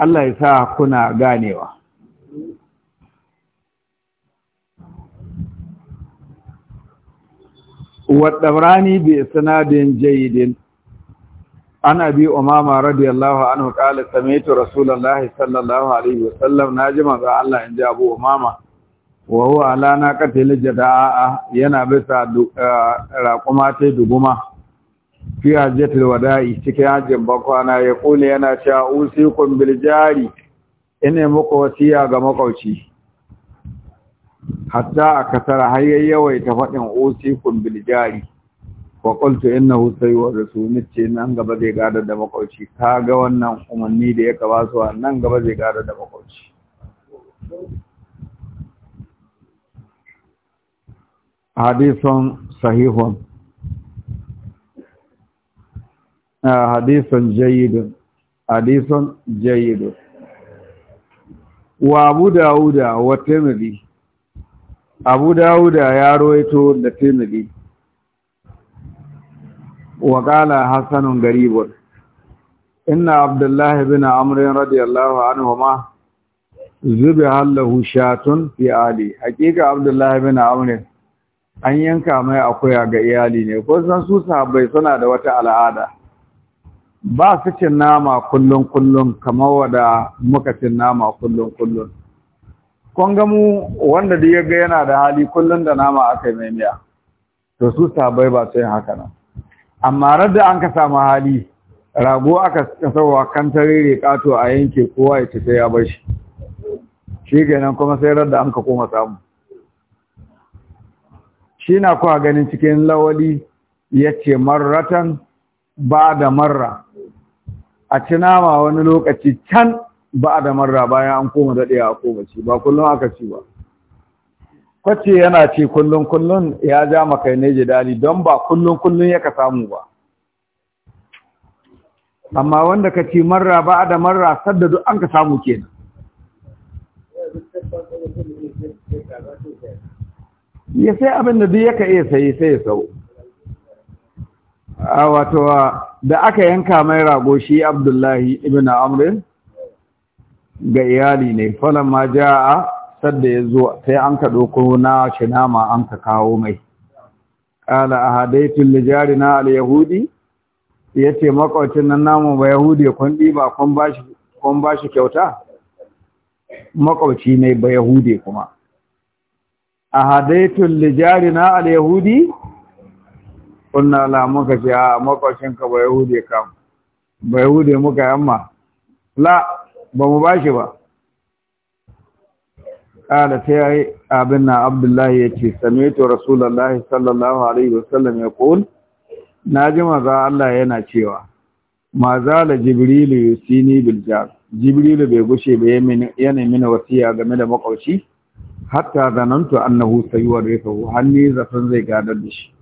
Allah ya sa kuna ganewa wadda rani bi sanadin jayidin ana bi umama radiyallahu anhu qala samitu rasulallahi sallallahu alaihi wa wasallam naji manzo Allah inji abu umama wa huwa ala naqati lijadaa yana bisa eh, raquma ta duguma fi hajjatul wada'i cikin hajjin bakwana ya kula yana cewa usikum bil jari ina muku wasiya ga makauci hatta a kasara har yawai ta faɗin usikum bil jari wa qultu innahu sayyu rasulun ce nan gaba zai gada da makauci kaga wannan umarni da ya kaba su nan gaba zai gada da makauci hadisun sahihun hadisun jayyidun hadisun jayyidun wa abu dawuda wa tirmidhi abu dawuda ya roito da tirmidhi wa qala hasanun garibun inna abdullah ibn amr radiyallahu anhu ma. Zubi lahu shatun fi ali hakika abdullah ibn amr an yanka mai akuya ga iyali ne ko san su sahabbai suna da wata al'ada ba su cin nama kullum kullum kamar wada muka cin nama kullum kullum kun ga wanda da ya ga yana da hali kullum da nama aka yi mai miya to su sabai ba su yin haka nan amma radda an ka samu hali rago aka kasarwa kan tarere kato a yanke kowa ya ci ya bar shi shi kenan kuma sai radda an ka koma samu shi na kuwa ganin cikin lawali ya ce marratan ba da marra a ci nama wani lokaci can ba a da marra bayan an koma daɗe a koma ci ba kullum aka ci ba kwace yana ce kullum kullum ya ja makai ne dali don ba kullum kullum ya ka samu ba amma wanda ka ci marra ba a da marra sadda duk an ka samu kenan ya sai abin da duk yaka iya sayi sai ya sau a wato da aka yanka mai rago shi abdullahi ibn amrin ga iyali ne falon ma ja'a sadda ya zo sai an ka doko na shi nama an ka kawo mai ƙala a hadaitun lijari na al-yahudi ya ce makwacin nan namu ba yahudi kun ba kun ba shi kyauta makwaci ne ba yahudi kuma a hadaitun lijari na al-yahudi kunna la muka ce a makwashin ka bai hude ka Bai hude muka yamma la ba mu bashi ba abin na Abdullahi ya ce, يتي سمعت sallallahu alaihi صلى الله ya وسلم Na ji maza Allah yana cewa maza da jibrilu yusini bil jar jibril bai gushe bai yana mini wasiya game da makauci hatta zanantu annahu sayuwarithu hanni zafin zai gadar da shi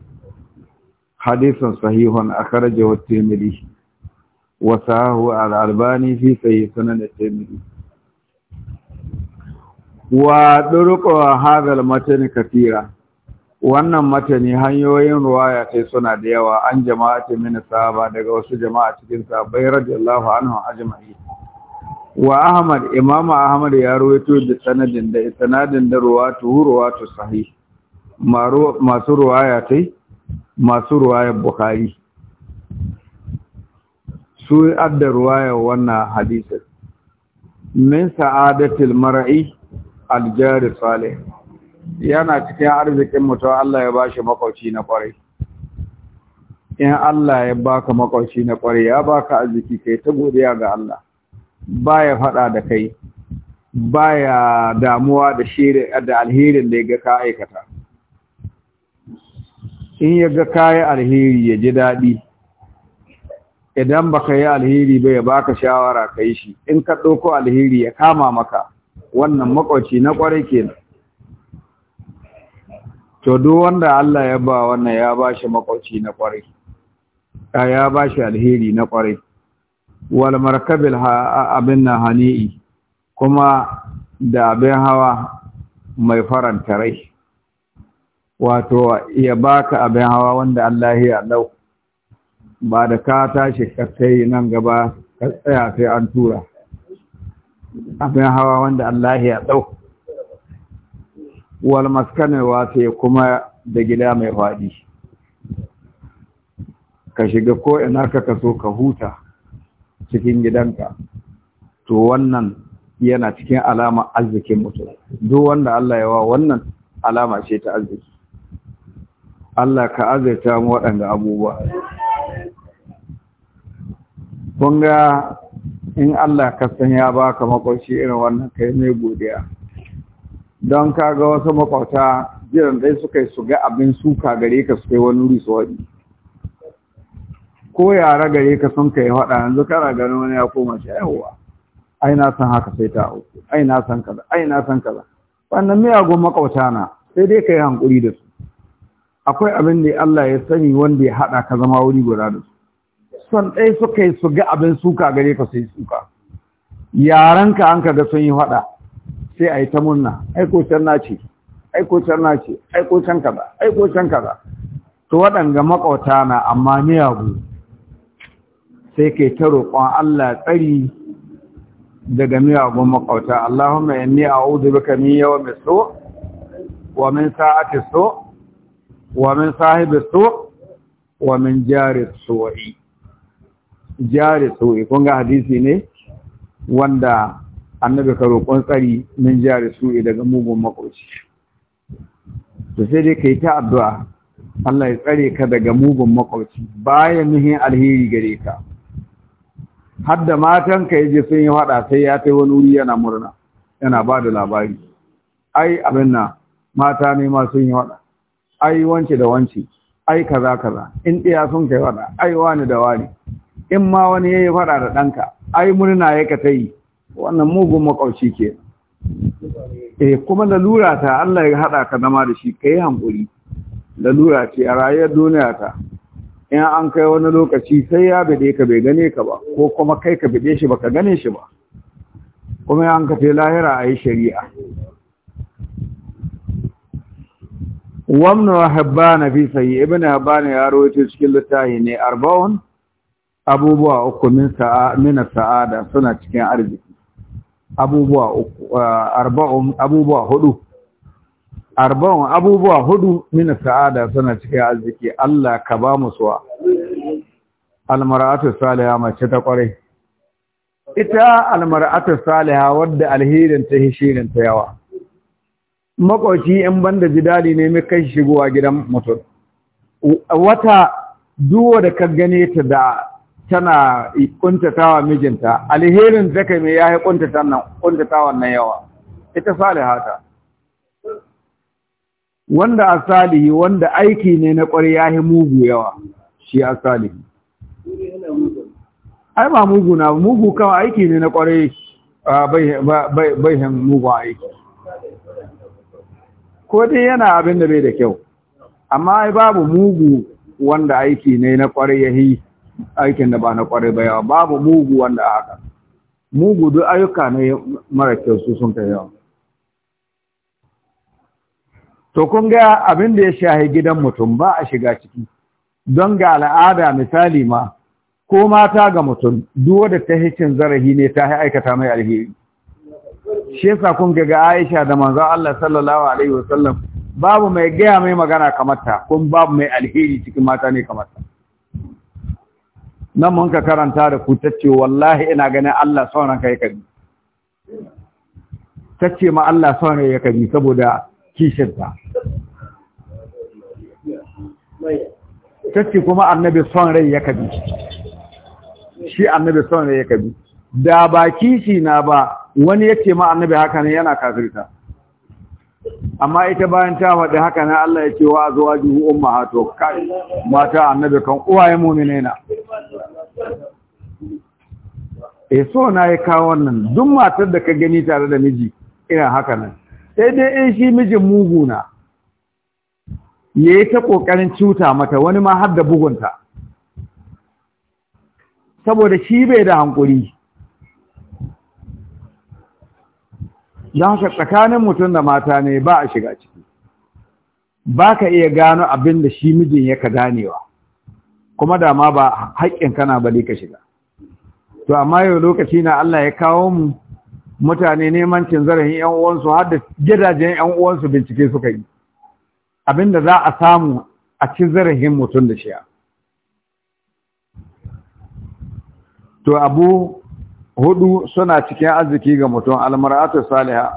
a حديث صحيح أخرجه الترمذي وساه الألباني في صحيح سنن wa وطرق هذا المتن كثيرة wannan matani hanyoyin ruwaya sai suna da yawa an jama'ati min sahaba daga wasu jama'a cikin sahabbai radiyallahu anhu ajma'in wa Ahmad Imam Ahmad ya rawaito da sanadin da sanadin da ruwatu ruwatu sahih masu ruwaya sai? masu ruwayar Bukhari su adda ruwayar wannan hadisar min sa'adatul mar'i aljari salih yana cikin arzikin mutum Allah ya bashi makauci na kwarai in Allah ya baka makauci na kwarai ya baka arziki kai ta godiya ga Allah baya fada da kai baya damuwa da shirin da alherin da ya ga ka aikata in ya ga kayi alheri ya ji daɗi idan baka yi alheri ba ya baka shawara ka yi shi in ka ɗauko alheri ya kama maka wannan makwaci na ƙwarai kenan to duk wanda Allah ya ba wannan ya ba shi makwaci na ƙwarai ya ba shi alheri na ƙwarai wal markabil abin na hani'i kuma da abin hawa mai faranta rai wato ya baka abin hawa wanda Allah ya lau ba da ka tashi kai nan gaba ka tsaya sai an tura abin hawa wanda Allah ya lau wal maskanin wasu kuma da gida mai faɗi ka shiga ko ina ka kaso ka huta cikin gidanka to wannan yana cikin alama arzikin mutum duk wanda Allah ya wa wannan alama ce ta arziki Allah ka azaita mu waɗanda abubuwa kun ga in Allah ka san ya baka makwashi irin wannan kai mai godiya don ka ga wasu makwauta jiran dai suka yi su ga abin suka gare ka suka yi wani wuri su waɗi ko yara gare ka sun kai waɗa, yanzu kana ganin wani ya koma shi yawa ai na san haka sai ta auku ai na san kaza ai na san kaza wannan miyagun makwauta na sai dai ka yi hankuri da su akwai abin da Allah ya sani wanda ya haɗa ka zama wuri guda da su son ɗaya suka yi su ga abin suka gare ka sai suka ka an ka ga sun yi haɗa sai a yi ta munna aiko can na ce aiko can na ce aiko can kaza aiko can kaza to waɗanga makwauta na amma miyagu sai ke ta roƙon Allah tsari daga miyagun makwata Allahumma inni a'udhu bika min yawmi so wa min sa'ati so wa min sahibi su wa min jari su'i jari su'i kun ga hadisi ne wanda annabi ka roƙon tsari min jari su'i daga mugun makoci to sai dai kai ta addu'a Allah ya tsare ka daga mugun makoci baya nuhin alheri gare ka hadda matanka yaje sun yi faɗa sai ya kai wani wuri yana murna yana ba da labari ai abin nan mata ne ma sun yi faɗa ai wance da wance ai kaza kaza in iya sun kai waɗa, ai wani da wani in ma wani yayi faɗa da ɗanka ai murna yake ta yi wannan mugun makwabci ke eh kuma lura ta Allah ya haɗa ka zama da shi kai hankuri lura ce a rayuwar duniya ta in an kai wani lokaci sai ya bide ka bai gane ka ba ko kuma kai ka bide shi baka gane shi ba kuma an ka lahira a yi shari'a وابن حبان في صحيح ابن حبان يا رويته cikin littafi ne arba'un abubuwa uku min sa'a min sa'ada suna cikin arziki abubuwa uku arba'un abubuwa hudu arba'un abubuwa hudu min sa'ada suna cikin arziki Allah ka ba mu suwa almar'atu salihah mace ta kware ita almar'atu salihah wadda alherin ta hishirin ta yawa makwauci yan banda jidali ne mai kai shigowa gidan mutum wata duwa da ka gane ta da tana kuntatawa mijinta alherin da kai mai yayi kuntata nan kuntatawa nan yawa ita salihata wanda asalihi wanda aiki ne na ƙwari yayi mugu yawa shi asalihi ai ba mugu na mugu kawai aiki ne na ƙwari bai bai bai mugu aiki ko dai yana abin da bai da kyau amma babu mugu wanda aiki ne na kwarai yahi aikin da ba na kwarai ba yawa babu mugu wanda haka mugu duk ayyuka ne mara kyau su sun kai yawa to kun ga abin da ya shahi gidan mutum ba a shiga ciki don ga al'ada misali ma ko mata ga mutum duk wanda ta hicin zarahi ne ta aikata mai alheri shi yasa kun ga Aisha da manzo Allah sallallahu alaihi wasallam babu mai gaya mai magana kamar ta kun babu mai alheri cikin mata ne kamar ta nan mun ka karanta da ku tace wallahi ina ganin Allah sauran kai yake tace ma Allah sauran ya yake saboda kishin ta tace kuma annabi son rai yake shi annabi son rai yake da ba kishi na ba wani yake ma annabi haka ne yana kafirta amma ita bayan ta faɗi haka ne Allah ya ce wa azwajuhu ummahato kai mata annabi kan uwaye mu'mine eh so na yi kawo wannan duk matar da ka gani tare da miji ina haka nan sai dai in shi mijin muguna ya yi ta ƙoƙarin cuta mata wani ma har da bugunta saboda shi bai da hankuri don haka tsakanin mutum da mata ne ba a shiga ciki ba ka iya gano abin da shi mijin ya ka ganewa kuma da ma ba haƙƙin kana bali ka shiga to amma yau lokaci na Allah ya kawo mu mutane neman cin zarafin 'yan uwansu har da gidajen 'yan uwansu bincike suka yi abin da za a samu a ci zarafin mutum da shiya to abu hudu suna cikin arziki ga mutum almar'atu salihah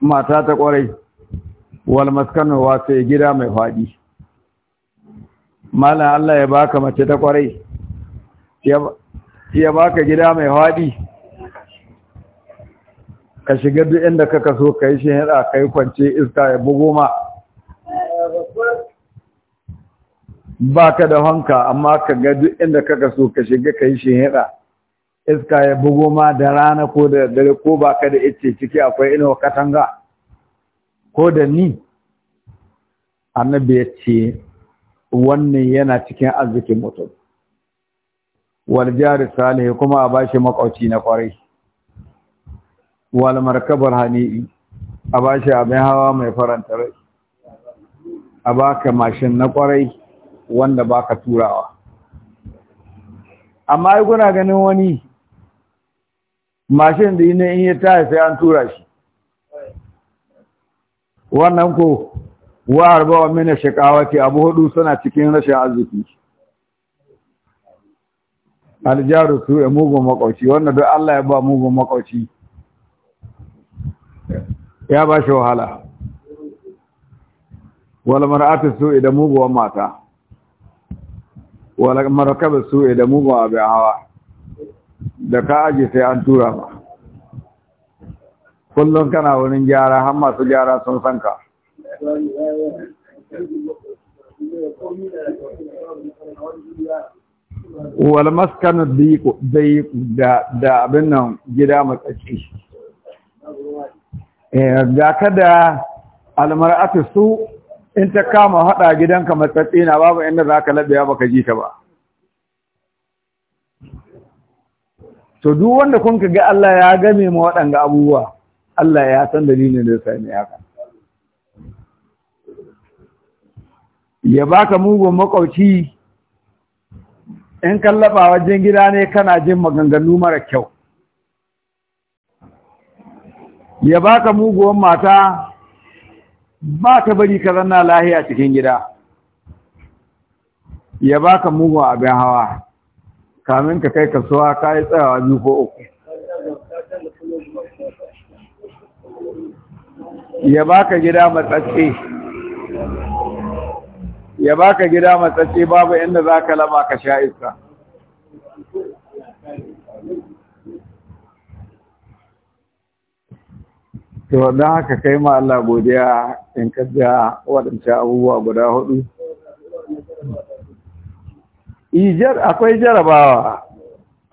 mata ta kwarai wal maskanu wa gida mai fadi mallan Allah ya baka mace ta kwarai ya baka gida mai fadi ka shiga duk inda kaka so kai shi hada kai kwance iska ya bugo ma baka da hanka amma ka ga duk inda kaka so ka shiga kai shi hada iska ya bugo ma da rana ko da dare ko ba ka da ice ciki akwai inuwa katanga ko da ni annabi ya ce wannan yana cikin arzikin mutum wal jari salihu kuma a bashi makauci na kwarai wal markabar hani'i a bashi abin hawa mai faranta rai a baka mashin na kwarai wanda baka turawa amma ai kuna ganin wani mashin da ne in yi taya sai an tura shi wannan ko wa arba wa mina ke abu hudu suna cikin rashin arziki aljaru su ya mugun makauci wannan don Allah ya ba mugun makauci ya ba shi wahala wala mar'atu su da mugun mata wala marakabu su da mugun abin hawa da ka aje sai an tura ba kullum kana wurin gyara har masu gyara sun san ka wal da da abin nan gida matsaki eh ga kada almar'atu su in ta kama hada gidanka matsatsi na babu inda zaka labiya baka ji ta ba to duk wanda kun ga Allah ya game ma waɗanga abubuwa Allah ya san dalilin da ya sami haka ya baka mugun makauci in kallafa wajen gida ne kana jin maganganu mara kyau ya baka muguwan mata ba ta bari ka zanna lahiya cikin gida ya baka mugun abin hawa kamin ka kai kasuwa ka yi tsayawa biyu ko uku ya baka gida matsatse ya baka gida matsatse babu inda za ka lama ka sha iska to don haka kai ma Allah godiya in kaja waɗancan abubuwa guda hudu akwai jarabawa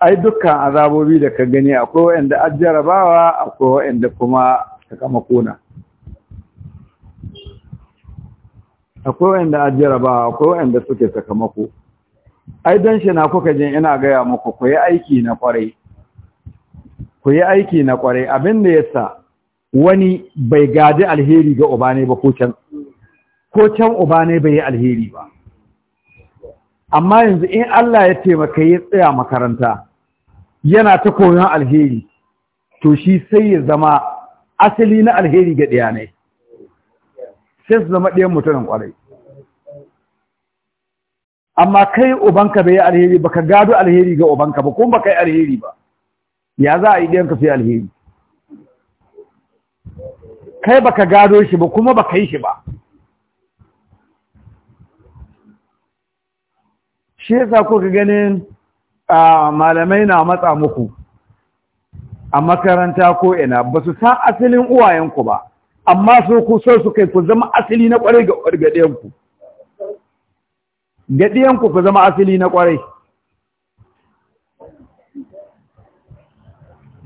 ai dukkan azabobi da ka gani akwai wa'anda an jarabawa akwai wa'anda kuma sakamakona. akwai wa'anda an jarabawa akwai wa'anda suke sakamako ai don shi na kuka jin ina gaya muku ku yi aiki na kwarai ku yi aiki na kwarai abin da sa wani bai gadi alheri ga uba ne ba ko can ko can uba ne bai yi alheri ba amma yanzu in Allah ya taimaka ya tsaya makaranta yana ta koyon alheri to shi sai ya zama asali na alheri ga ne sai su zama ɗiyan mutumin ƙwarai amma kai ubanka bai yi alheri ba ka gado alheri ga ubanka ba kuma baka kai alheri ba ya za a yi ɗiyanka sai alheri kai ba ka gado shi ba kuma ba yi shi ba shi yasa kuka ganin malamai na matsa muku a makaranta ko ina ba su san asalin uwayenku ba amma su ku so su kai ku zama asali na kwarai ga gaɗiyanku gaɗiyanku ku zama asali na kwarai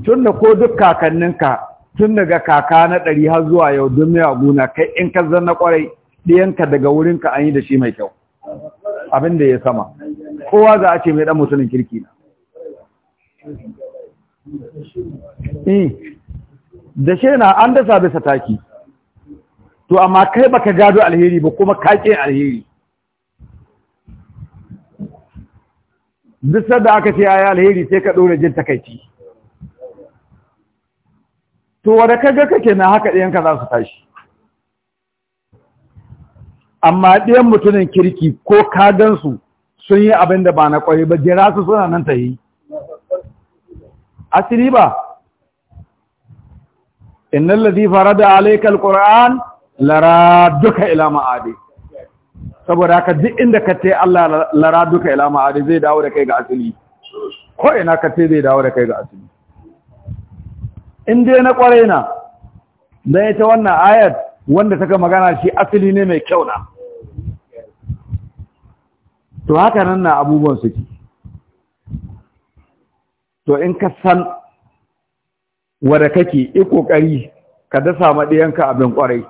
tun da ko duk kakanninka tun daga kaka na ɗari har zuwa yau duniya guna kai in ka zan na kwarai ɗiyanka daga wurinka an yi da shi mai kyau abin da ya sama kowa za a ce mai dan mutumin kirki na eh, da na an dasa bisa taki to amma kai baka gado alheri ba kuma kaƙe alheri duk da aka ce yi alheri sai ka ɗora jin takaici to wanda kaga kake na haka ɗayan ka za su tashi amma ɗayan mutumin kirki ko kagansu sun yi abin da ba na ƙwai ba jira su suna nan ta yi asiri ba innan fara da alaikal ƙura'an lara duka ila ma'adi saboda haka duk inda ka ce Allah lara duka ila ma'adi zai dawo da kai ga asiri ko ina ka ce zai dawo da kai ga asiri in dai na ƙwarai na don ta wannan ayat wanda ta magana shi asali ne mai kyau na to haka nan na abubuwan suke to in ka san wadda kake iko kokari ka dasa maɗiyanka abin ƙwarai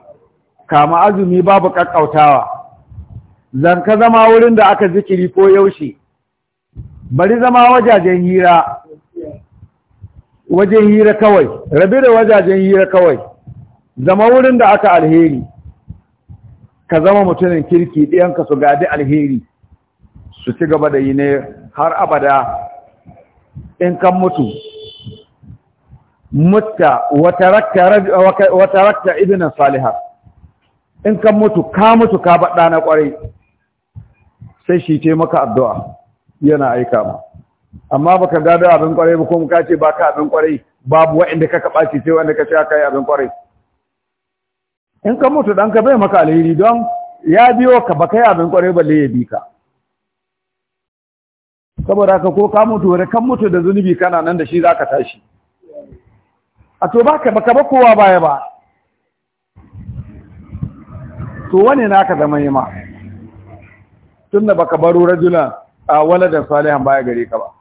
kama azumi babu ƙaƙƙautawa zan ka zama wurin da aka zikiri ko yaushe bari zama wajajen hira wajen hira kawai Rabi da wajajen hira kawai zama wurin da aka alheri ka zama mutumin kirki ɗiyanka su gadi alheri su ci gaba da yi ne har abada in kan mutu mutta wata rakta ibinan salihar in kan mutu ka mutu ka baɗa na ƙwarai sai shi ce maka addu'a yana aika ma amma baka gado abin ƙwarai ba ko muka ce ba ka abin ƙwarai babu wa'inda ka kaɓa ce wanda ka ce aka yi abin ƙwarai in ka mutu ka bai maka alheri don ya biyo ka ba kai abin kwarai balle ya bi ka saboda ka ko ka mutu wani kan mutu da zunubi kana nan da shi za ka tashi a to ba ka baka ba kowa baya ba to wani naka zama yi ma tun da baka baro rajulan a waladan salihan baya gare ka ba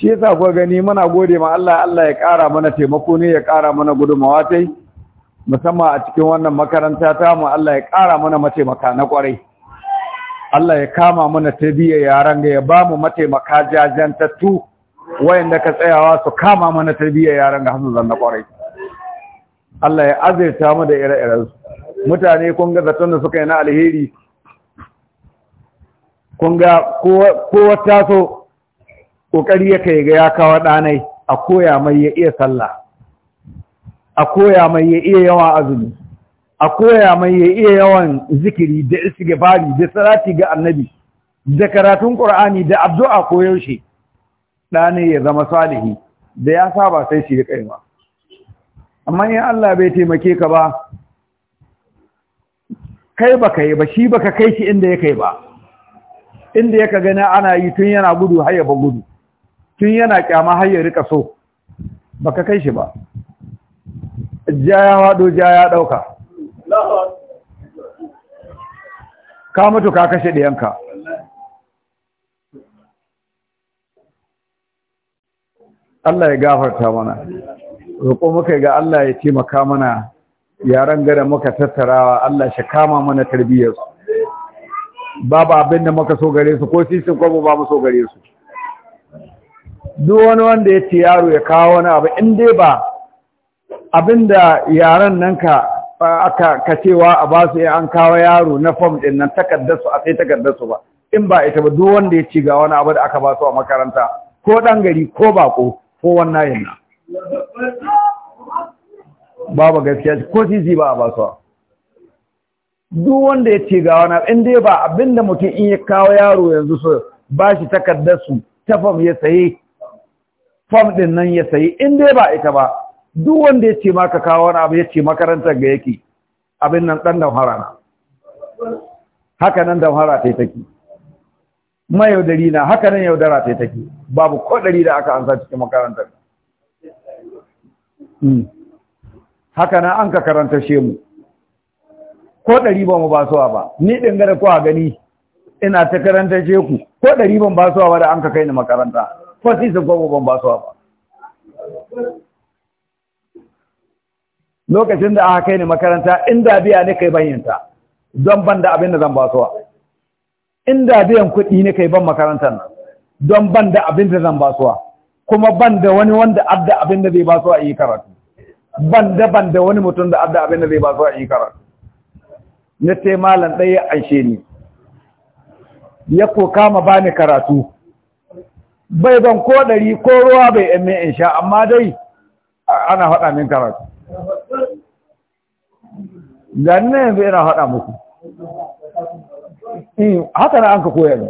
shi yasa kuwa gani muna gode ma Allah Allah ya ƙara mana taimako ne ya ƙara mana gudunmawa tai musamman a cikin wannan makaranta ta mu Allah ya ƙara mana mataimaka na ƙwarai Allah ya kama mana tabiya yaran ga ya ba mu mataimaka jajantattu wayanda ka tsayawa su kama mana tabiya yaran ga hannun zanna ƙwarai Allah ya azirta mu da ire-iren mutane kun ga zaton da suka yi na alheri kun ga kowa taso ƙoƙari ya kai ga ya kawo ɗanai a koya mai ya iya sallah a koya mai ya iya yawan azumi a koya mai ya iya yawan zikiri da istighfari da salati ga annabi da karatun qur'ani da addu'a koyaushe ɗanai ya zama salihi da ya saba sai shi ya kaima amma in Allah bai taimake ka ba kai baka yi ba shi baka kai shi inda ya kai ba inda yaka gani ana yi tun yana gudu har ya ba gudu tun yana kyama har ya rika so baka kai shi ba ja ya wado ja ya dauka ka mutu ka kashe diyanka. Allah ya gafarta mana roƙo muka ga Allah ya taimaka mana yaran gada muka tattarawa Allah shi kama mana tarbiyyarsu babu abin da muka so gare su ko sisin kwabo ba mu so gare su duk wani wanda ya ce yaro ya kawo wani abu in dai ba abinda yaren nan ka aka kacewa a ba su an kawo yaro na fom din nan takardarsu a sai takardarsu ba in ba ita ba duk wanda ya ci ga wani abu da aka ba su a makaranta ko ɗan gari ko bako ko wannan yana babu gaskiya ko sisi ba a ba su duk wanda ya ce ga wani in dai ba abinda mutum in ya kawo yaro yanzu su ba shi takardarsu fom ya saye fam ɗin nan ya sayi in dai ba ita ba duk wanda ya ce maka kawo wani abu ya ce makarantar ga yake abin nan ɗan damhara na haka nan damhara ta take mai yaudari na haka nan yaudara ta take babu kwaɗari da aka ansa cikin makarantar hmm. haka nan an ka karanta she ko ɗari ba mu ba suwa ba ni ɗin gada ko a gani ina ta karanta ku, ko ɗari ban ba suwa ba da an ka kai ni makaranta ko sai su gobo ban ba su ba lokacin da aka kai ni makaranta inda biya ne kai banyanta don ban da abin da zan ba su inda biyan kuɗi ne kai ban makarantar nan don ban da abin da zan ba su kuma ban da wani wanda adda abin da zai ba su a yi karatu ban da ban da wani mutum da adda abin da zai ba su a yi karatu na ce malam ɗaya ya ni ya ko kama bani karatu bai ban ko ɗari ko ruwa bai emme in sha amma dai ana haɗa min karatu ganin na yanzu ina haɗa muku eh, haka na an ka koya ne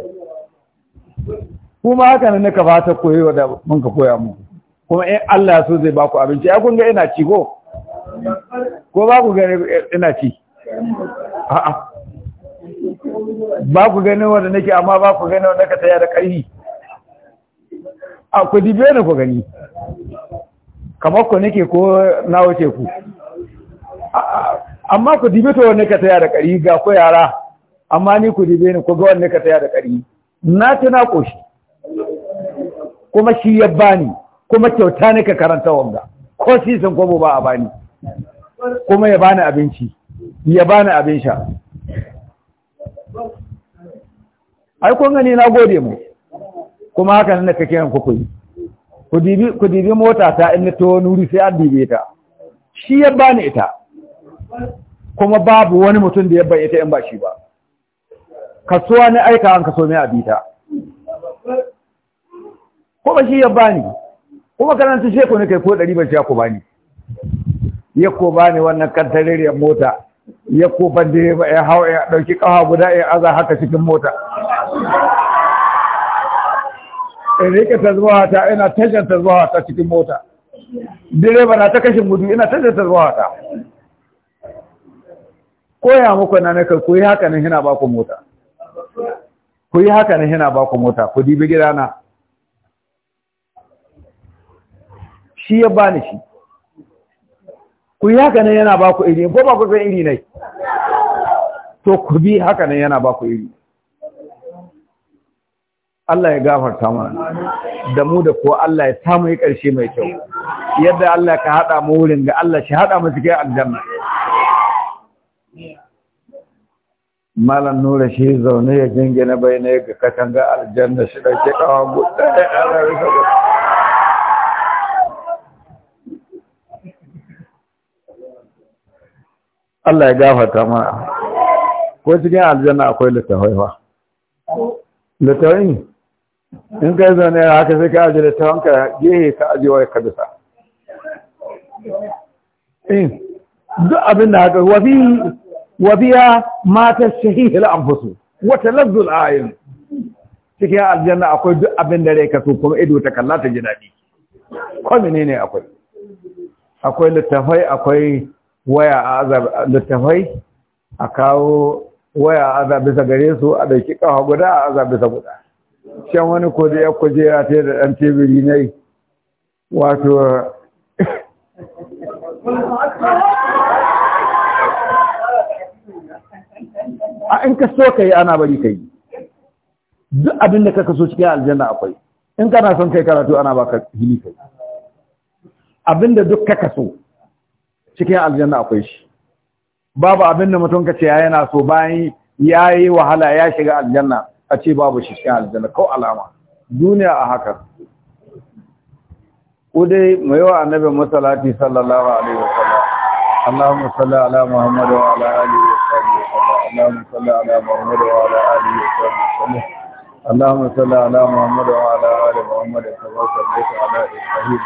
kuma haka ne ka fata koyi wa mun ka koya muku kuma in Allah so zai baku abinci ya kun ga ina ci ko ko ba ku gani ina ci a'a ba ku gani wanda nake amma ba ku gani wanda ka taya da ƙarfi a ku dibe ni ku gani kamar ku nake ko na wuce ku amma ku dibe to wanne ka taya da ƙari ga ku yara amma ni ku dibe ni ku ga wanne ka taya da ƙari na ta na ƙoshi kuma shi ya bani kuma kyauta ne ka karanta wanga ko san ko ba a bani kuma ya bani abinci ya bani abin sha ai kun gani na gode mu kuma haka nan da kake yin ku kuyi ku dibi mota ta in na to nuri sai an dibe ta shi ya bani ita kuma babu wani mutum da ya bai ita in ba shi ba kasuwa ne aika an kaso bita. Ko kuma shi ya bani kuma karanta sheku ne kai ko ɗari ba sha ku bani ya ko bani wannan kantareriyar mota ya ko ban direba ya hau ya ɗauki ƙafa guda ya aza haka cikin mota in rike zuwa ta ina tajjan zuwa ta cikin mota direba na ta kashin gudu ina tajjan zuwa ta koya muku na naka ku yi haka nan hina ba ku mota ku yi haka nan hina ba ku mota ku dibi na shi ya bani shi ku yi haka nan yana ba ku iri ko ba ku san iri ne to ku bi haka nan yana ba ku iri Allah ya gafarta mana da mu da kuwa Allah ya samu yi ƙarshe mai kyau yadda Allah ka haɗa mu wurin ga Allah shi haɗa mu cikin aljanna malam nura shi zaune ya jinge bai bayyana ga katanga aljanna shi da ke kawo gudu da ana rika guda Allah ya gafarta mana ko cikin aljanna akwai littafai fa littafai in kai zaune haka sai ka ajiye ta wanka gehe ka ajiye wa ka bisa in eh, duk abin da haka wabiya mata an anfusu wata lazzul ayin cikin aljanna akwai duk abin da rai ka so kuma ido ta kalla ta ji daɗi kwamini ne akwai akwai littafai akwai waya a azab littafai a kawo waya a azab bisa gare su a ɗauki ƙawa guda a azab bisa guda can wani ko da ya kujera ta da ɗan tebiri ne wato a in ka so ka yi ana bari ka yi duk abin da kaka so cikin aljanna akwai in kana son kai karatu ana baka hili kai abin da duk ka so cikin aljanna akwai shi babu abin da mutum ka ce ya yana so bayan ya yi wahala ya shiga aljanna a ce babu shi cikin aljanna ko alama duniya a haka ko mai yawa annabi masallati sallallahu alaihi wa wasallam Allahumma salli ala Muhammad wa ala alihi wa sahbihi Allahumma salli ala Muhammad wa ala alihi wa sahbihi Allahumma salli ala Muhammad wa ala ali Muhammad kama sallaita ala Ibrahim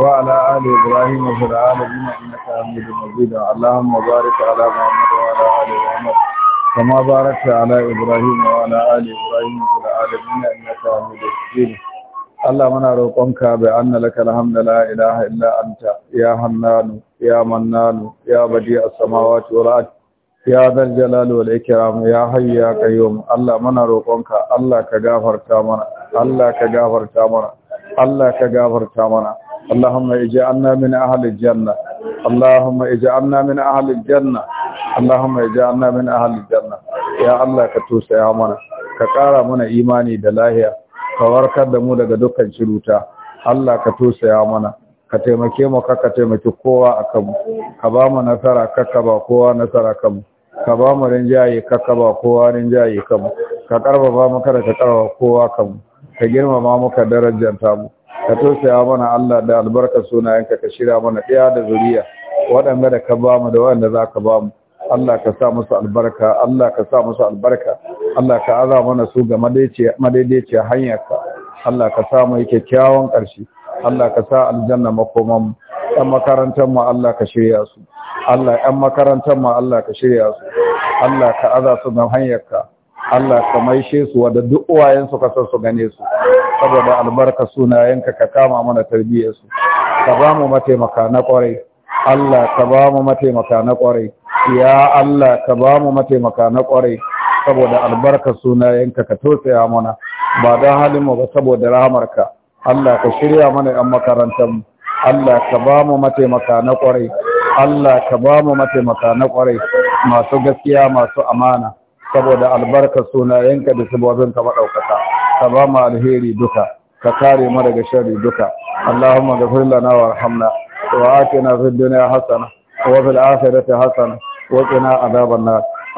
وعلى آل إبراهيم في العالمين إنك حميد مجيد اللهم بارك على محمد ala Ali محمد كما باركت على إبراهيم وعلى آل إبراهيم في العالمين إنك حميد مجيد اللهم انا روقك بان لك الحمد لا اله الا انت يا حنان يا منان يا بديع السماوات والارض يا ذا الجلال والاكرام يا حي يا قيوم اللهم انا روقك الله كغفرت منا الله كغفرت منا الله كغفرت منا اللهم اجعلنا من اهل الجنه اللهم اجعلنا من اهل الجنه اللهم اجعلنا من اهل الجنه ya Allah ka tosaya mana ka kara mana imani da lahiya ka warkar da mu daga dukkan ciruta Allah ka tosaya mana ka taimake mu ka taimaki kowa akan mu ka ba mu nasara ka ba kowa nasara kan mu ka ba mu rinjaye kakka ba kowa rinjaye kan mu ka karfafa mu kada ka karba kowa kan mu ka girmama mu ka darajanta mu ka tausaya mana Allah da albarka sunayenka ka shirya mana ɗaya da zuriya waɗanda da ka ba mu da waɗanda za ka ba mu Allah ka sa musu albarka Allah ka sa musu albarka Allah ka aza mana su ga a hanyarka Allah ka sa mu kyakkyawan ƙarshe Allah ka sa aljanna makoman ɗan makarantar mu Allah ka shirya su Allah ɗan makarantar mu Allah ka shirya su Allah ka aza su ga hanyarka Allah ka maishe su wadda duk uwayen su kasar su gane su saboda albarka sunayenka ka kama mana tarbiyyar su ka ba mu mataimaka na kwarai Allah ka ba mu mataimaka na kwarai ya Allah ka ba mu mataimaka na kwarai saboda albarka sunayenka ka tausaya mana ba don halin mu ba saboda rahamarka Allah ka shirya mana yan makarantar mu Allah ka ba mu mataimaka na kwarai Allah ka ba mu mataimaka na kwarai masu gaskiya masu amana saboda albarkar sunayenka da sabobinka maɗaukata, ka ba mu alheri duka ka kare mu daga shari duka Allahumma ghfir lana warhamna wa atina fid dunya hasana wa fil akhirati hasana wa qina adhaban nar